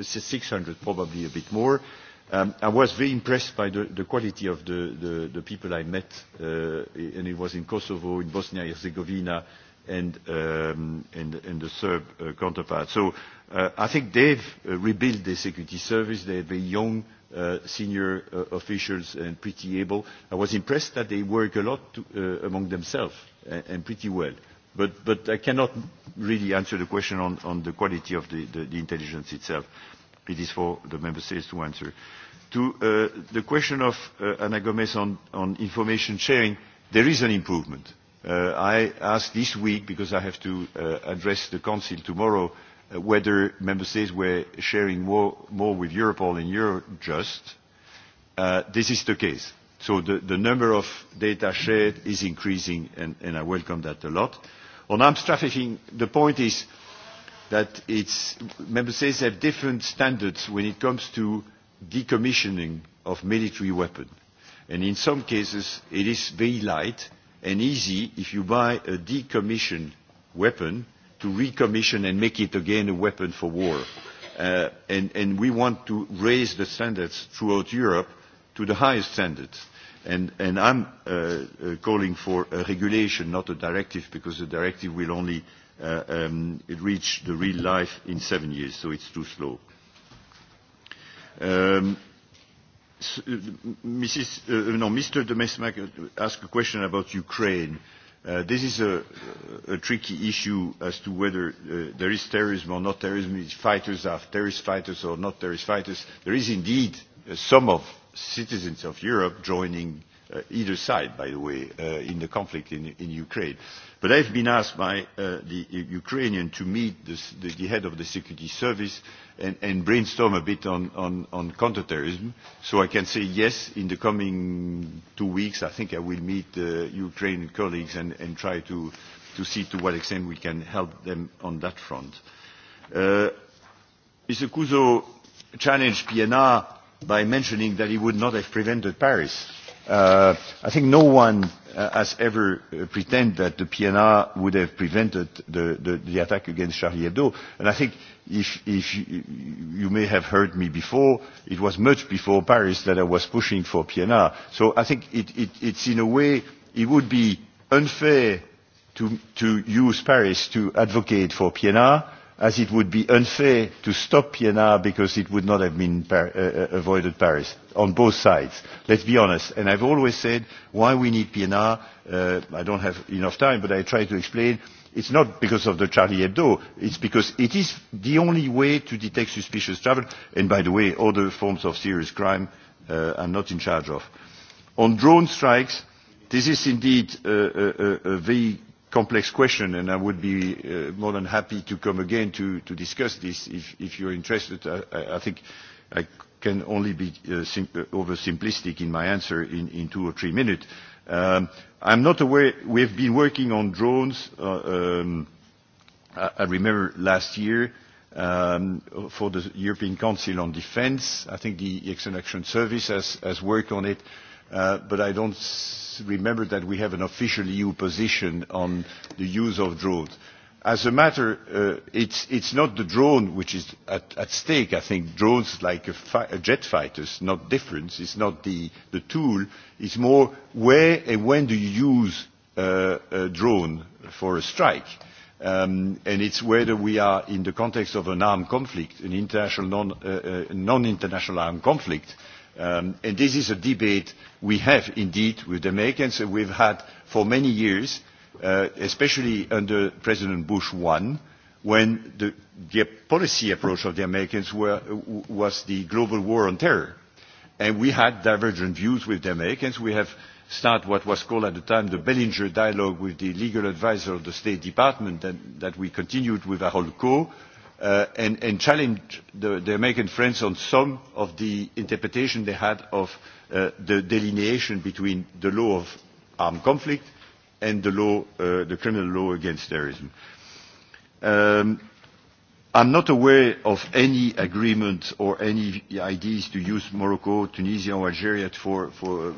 600 probably a bit more. Um, I was very impressed by the, the quality of the, the, the people I met, uh, and it was in Kosovo, in Bosnia and Herzegovina, and, um, and, and the Serb uh, counterpart. So uh, I think they've uh, rebuilt the security service. They have very young uh, senior uh, officials and pretty able. I was impressed that they work a lot to, uh, among themselves and, and pretty well. But, but I cannot really answer the question on, on the quality of the, the, the intelligence itself. It is for the member states to answer. To uh, the question of uh, Anna Gomez on, on information sharing, there is an improvement. Uh, I asked this week, because I have to uh, address the Council tomorrow, uh, whether member states were sharing more, more with Europol and Eurojust. Uh, this is the case. So the, the number of data shared is increasing, and, and I welcome that a lot. On arms trafficking, the point is that it's, member states have different standards when it comes to decommissioning of military weapons. And in some cases, it is very light and easy if you buy a decommissioned weapon to recommission and make it again a weapon for war. Uh, and, and we want to raise the standards throughout Europe to the highest standards. And, and I'm uh, uh, calling for a regulation, not a directive, because the directive will only uh, um, reach the real life in seven years, so it's too slow. Um, Mrs. Uh, uh, uh, no, Mr. Demesmak uh, asked a question about Ukraine. Uh, this is a, a tricky issue as to whether uh, there is terrorism or not terrorism, fighters are terrorist fighters or not terrorist fighters. There is indeed uh, some of citizens of Europe joining uh, either side, by the way, uh, in the conflict in, in Ukraine. But I've been asked by uh, the Ukrainian to meet this, the, the head of the security service and, and brainstorm a bit on, on, on counterterrorism. So I can say yes, in the coming two weeks, I think I will meet uh, Ukrainian colleagues and, and try to, to see to what extent we can help them on that front. Uh, Mr. Kuzo challenged PNR by mentioning that he would not have prevented Paris. Uh, I think no one uh, has ever uh, pretended that the PNR would have prevented the, the, the attack against Charlie Hebdo. And I think if, if you, you may have heard me before, it was much before Paris that I was pushing for PNR. So I think it, it, it's in a way, it would be unfair to, to use Paris to advocate for PNR as it would be unfair to stop PNR because it would not have been par uh, uh, avoided Paris on both sides. Let's be honest. And I've always said why we need PNR. Uh, I don't have enough time, but I try to explain. It's not because of the Charlie Hebdo. It's because it is the only way to detect suspicious travel. And by the way, other forms of serious crime uh, I'm not in charge of. On drone strikes, this is indeed a, a, a very complex question, and I would be uh, more than happy to come again to, to discuss this if, if you're interested. I, I think I can only be uh, sim uh, oversimplistic in my answer in, in two or three minutes. Um, I'm not aware, we've been working on drones, uh, um, I, I remember last year, um, for the European Council on Defence. I think the External Action Service has, has worked on it. Uh, Uh, but I don't remember that we have an official EU position on the use of drones. As a matter, uh, it's, it's not the drone which is at, at stake. I think drones like a, fi a jet fighters, not different. It's not the, the tool. It's more where and when do you use uh, a drone for a strike? Um, and it's whether we are in the context of an armed conflict, an international non, uh, uh, non-international armed conflict, uh, Um, and this is a debate we have indeed with the Americans and we've had for many years, uh, especially under President Bush I, when the, the policy approach of the Americans were, was the global war on terror. And we had divergent views with the Americans. We have started what was called at the time the Bellinger dialogue with the legal advisor of the State Department that, that we continued with Harold Coe uh, and, and challenge the, the American friends on some of the interpretation they had of uh, the delineation between the law of armed conflict and the, law, uh, the criminal law against terrorism. Um, I'm not aware of any agreement or any ideas to use Morocco, Tunisia or Algeria for, for uh,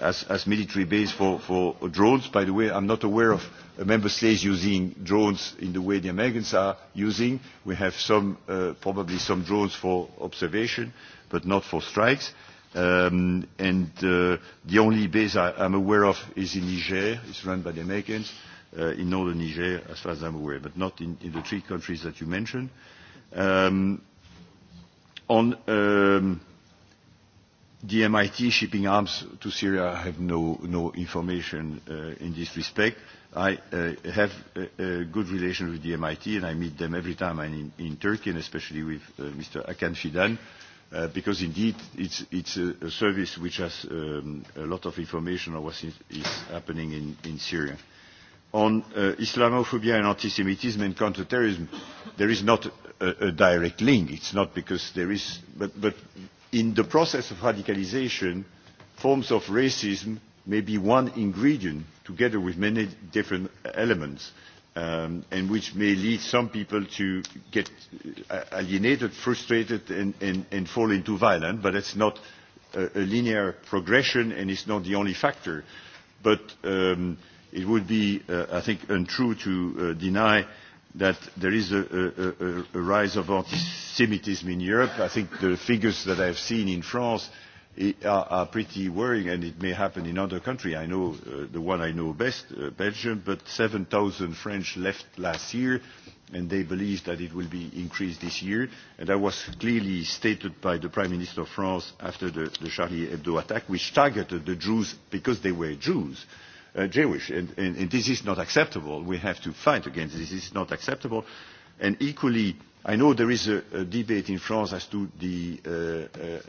as, as military base for, for drones. By the way, I'm not aware of a member States using drones in the way the Americans are using. We have some, uh, probably some drones for observation, but not for strikes. Um, and uh, the only base I, I'm aware of is in Niger. It's run by the Americans uh, in northern Niger, as far as I'm aware, but not in, in the three countries that you mentioned. Um, on... Um, The MIT shipping arms to Syria have no, no information uh, in this respect. I uh, have a, a good relation with the MIT and I meet them every time I'm in, in Turkey and especially with uh, Mr. Akan Fidan uh, because indeed it's, it's a, a service which has um, a lot of information on what is, is happening in, in Syria. On uh, Islamophobia and anti-Semitism and counterterrorism, there is not a, a direct link. It's not because there is, but, but in the process of radicalization, forms of racism may be one ingredient together with many different elements um, and which may lead some people to get uh, alienated, frustrated and, and, and fall into violence, but it's not a, a linear progression and it's not the only factor. But um, it would be, uh, I think, untrue to uh, deny that there is a, a, a, a rise of anti-Semitism in Europe. I think the figures that I've seen in France it, eh, are, are pretty worrying, and it may happen in other countries. I know uh, the one I know best, uh, Belgium, but 7,000 French left last year, and they believe that it will be increased this year. And that was clearly stated by the Prime Minister of France after the, the Charlie Hebdo attack, which targeted the Jews because they were Jews. Uh, uh, Jewish. And, and, and this is not acceptable. We have to fight against this. This is not acceptable. And equally, I know there is a, a debate in France as to the, uh, uh,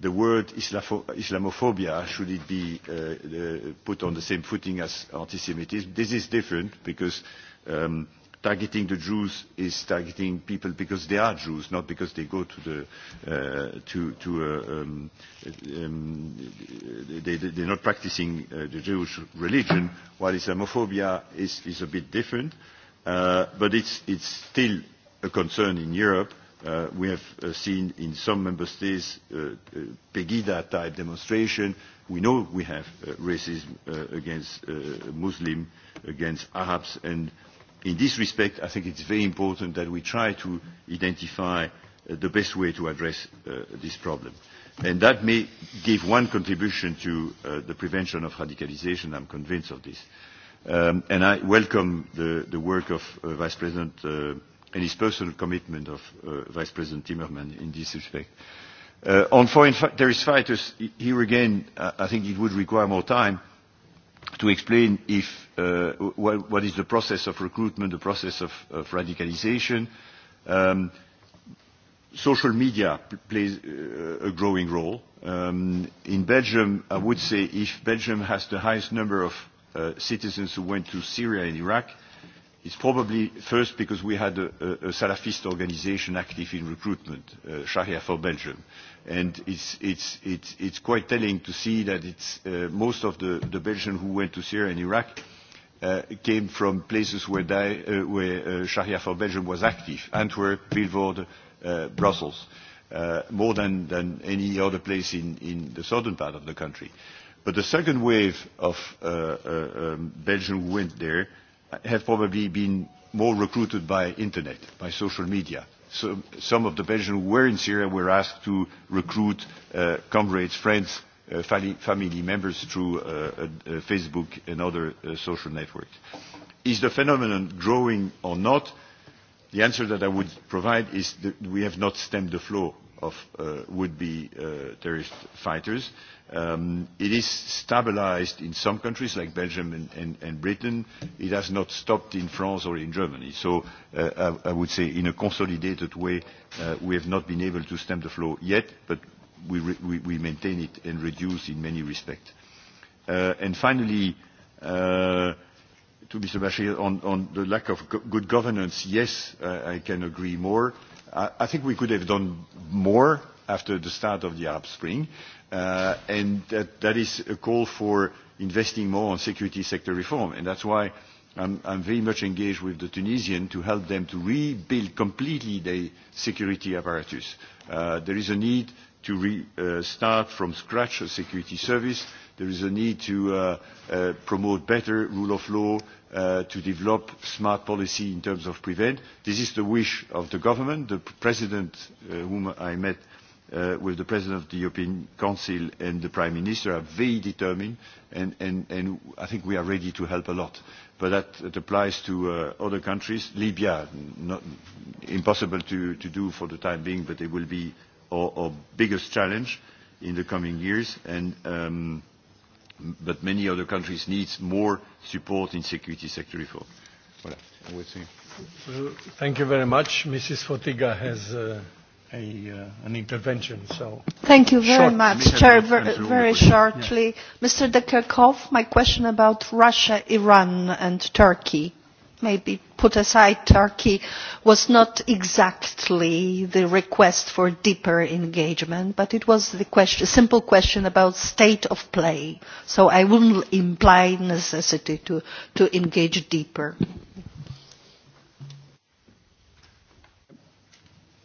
the word Islamophobia. Should it be uh, uh, put on the same footing as anti-Semitism? This is different because um, targeting the Jews is targeting people because they are Jews, not because they go to the uh, to to uh, um, um, they they're not practicing uh, the Jewish religion. While Islamophobia is is a bit different, uh, but it's it's still a concern in Europe. Uh, we have uh, seen in some member states uh, uh, Pegida type demonstration. We know we have uh, racism uh, against uh, Muslim, against Arabs and in this respect, I think it's very important that we try to identify uh, the best way to address uh, this problem. And that may give one contribution to uh, the prevention of radicalization. I'm convinced of this. Um, and I welcome the, the work of uh, Vice President uh, and his personal commitment of uh, Vice President Timmerman in this respect. Uh, on foreign terrorist fighters, here again, I think it would require more time. Uh, to explain if, uh, what, what is the process of recruitment, the process of, of radicalization. Um, social media plays uh, a growing role. Um, in Belgium, I would say if Belgium has the highest number of uh, citizens who went to Syria and Iraq, uh, It's probably first because we had a, a, a Salafist organization active in recruitment, uh, Sharia for Belgium. And it's, it's, it's, it's quite telling to see that it's, uh, most of the, the Belgians who went to Syria and Iraq uh, came from places where, they, uh, where uh, Sharia for Belgium was active, Antwerp, Vilvoorde, uh, Brussels, uh, more than, than any other place in, in the southern part of the country. But the second wave of uh, uh, um, Belgians who went there have probably been more recruited by internet, by social media. So some of the Belgians who were in Syria were asked to recruit uh, comrades, friends, uh, family members through uh, uh, Facebook and other uh, social networks. Is the phenomenon growing or not? The answer that I would provide is that we have not stemmed the flow of uh, would-be uh, terrorist fighters. Um, it is stabilized in some countries like Belgium and, and, and Britain. It has not stopped in France or in Germany. So uh, I, I would say in a consolidated way, uh, we have not been able to stem the flow yet, but we, re we, we maintain it and reduce in many respects. Uh, and finally, uh, to Mr. Bashir, on, on the lack of go good governance, yes, uh, I can agree more. I, I think we could have done more after the start of the Arab Spring, uh, and that, that is a call for investing more on security sector reform. And that's why I'm, I'm very much engaged with the Tunisian to help them to rebuild completely their security apparatus. Uh, there is a need to re, uh, start from scratch a security service. There is a need to uh, uh, promote better rule of law, uh, to develop smart policy in terms of prevent. This is the wish of the government. The president uh, whom I met uh, with the President of the European Council and the Prime Minister are very determined and, and, and I think we are ready to help a lot. But that, that applies to uh, other countries. Libya, not, impossible to, to do for the time being, but it will be our, our biggest challenge in the coming years, and, um, but many other countries need more support in security sector reform. Voilà. So, thank you very much. Mrs. Fotiga has uh, a, uh, an intervention. So. Thank you very Short, much, Chair. Very, very shortly, yeah. Mr. Dekerkov, my question about Russia, Iran and Turkey maybe put aside Turkey, was not exactly the request for deeper engagement, but it was the question, simple question about state of play. So I wouldn't imply necessity to, to engage deeper.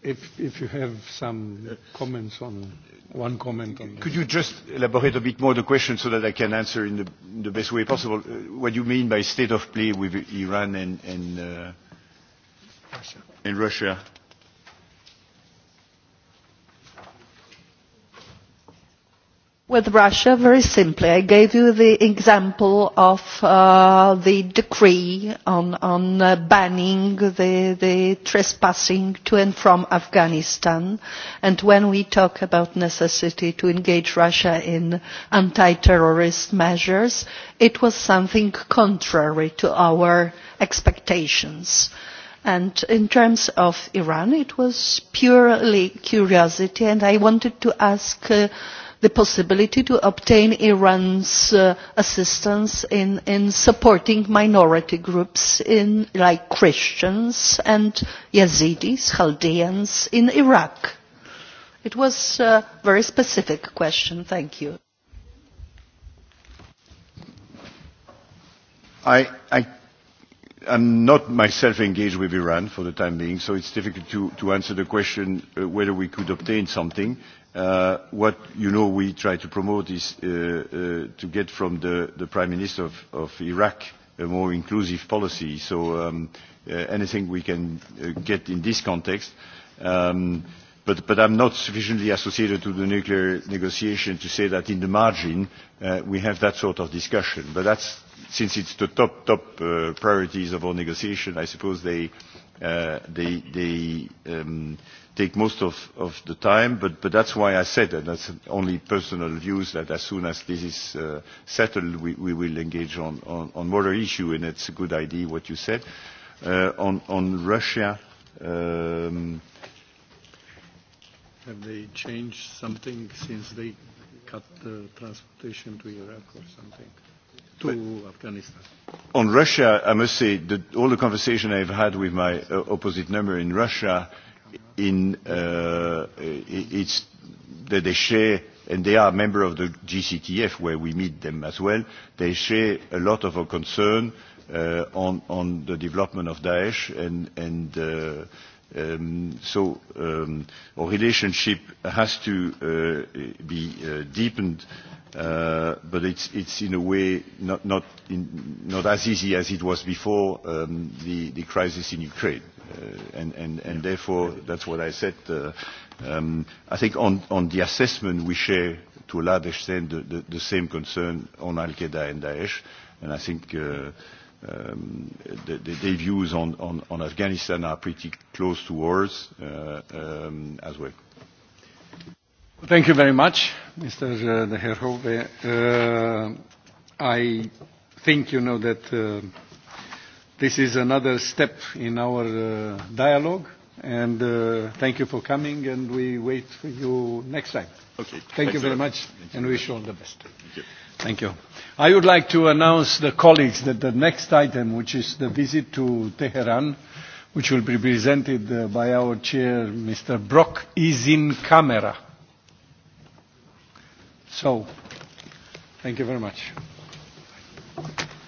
If, if you have some comments on one comment on Could you just elaborate a bit more the question so that I can answer in the, in the best way possible uh, what you mean by state of play with Iran and, and, uh, Russia. and Russia? With Russia, very simply, I gave you the example of uh, the decree on, on uh, banning the, the trespassing to and from Afghanistan. And when we talk about necessity to engage Russia in anti-terrorist measures, it was something contrary to our expectations. And in terms of Iran, it was purely curiosity, and I wanted to ask uh, the possibility to obtain Iran's uh, assistance in, in supporting minority groups in, like Christians and Yazidis, Chaldeans in Iraq? It was a very specific question. Thank you. I, I am not myself engaged with Iran for the time being, so it's difficult to, to answer the question uh, whether we could obtain something. Uh, what you know we try to promote is uh, uh, to get from the, the Prime Minister of, of Iraq a more inclusive policy. So um, uh, anything we can uh, get in this context. Um, but, but I'm not sufficiently associated to the nuclear negotiation to say that in the margin uh, we have that sort of discussion. But that's, since it's the top, top uh, priorities of our negotiation, I suppose they, uh, they, they um, take most of, of the time, but, but that's why I said that. That's only personal views that as soon as this is uh, settled, we, we will engage on, on, on more issue, and it's a good idea what you said. Uh, on, on Russia, um, have they changed something since they cut the transportation to Iraq or something? to but Afghanistan? On Russia, I must say that all the conversation I've had with my uh, opposite number in Russia in uh, it's that they share and they are a member of the GCTF where we meet them as well they share a lot of our concern uh, on on the development of Daesh and and uh, um, so um, our relationship has to uh, be uh, deepened uh, but it's, it's in a way not, not, in, not as easy as it was before um, the, the crisis in Ukraine. Uh, and, and, and therefore, that's what I said. Uh, um, I think on, on the assessment, we share to a large extent the, the, the same concern on Al Qaeda and Daesh, and I think. Uh, um, the, the, their views on, on, on Afghanistan are pretty close to ours uh, um, as well. Thank you very much, Mr. Uh, de Herhove. Uh, I think you know that uh, This is another step in our uh, dialogue, and uh, thank you for coming, and we wait for you next time. Okay. Thank Thanks you very much, Thank and you. wish you all the best. Thank you. Thank you. I would like to announce the colleagues that the next item, which is the visit to Tehran, which will be presented uh, by our chair, Mr. Brock, is in camera. So, thank you very much.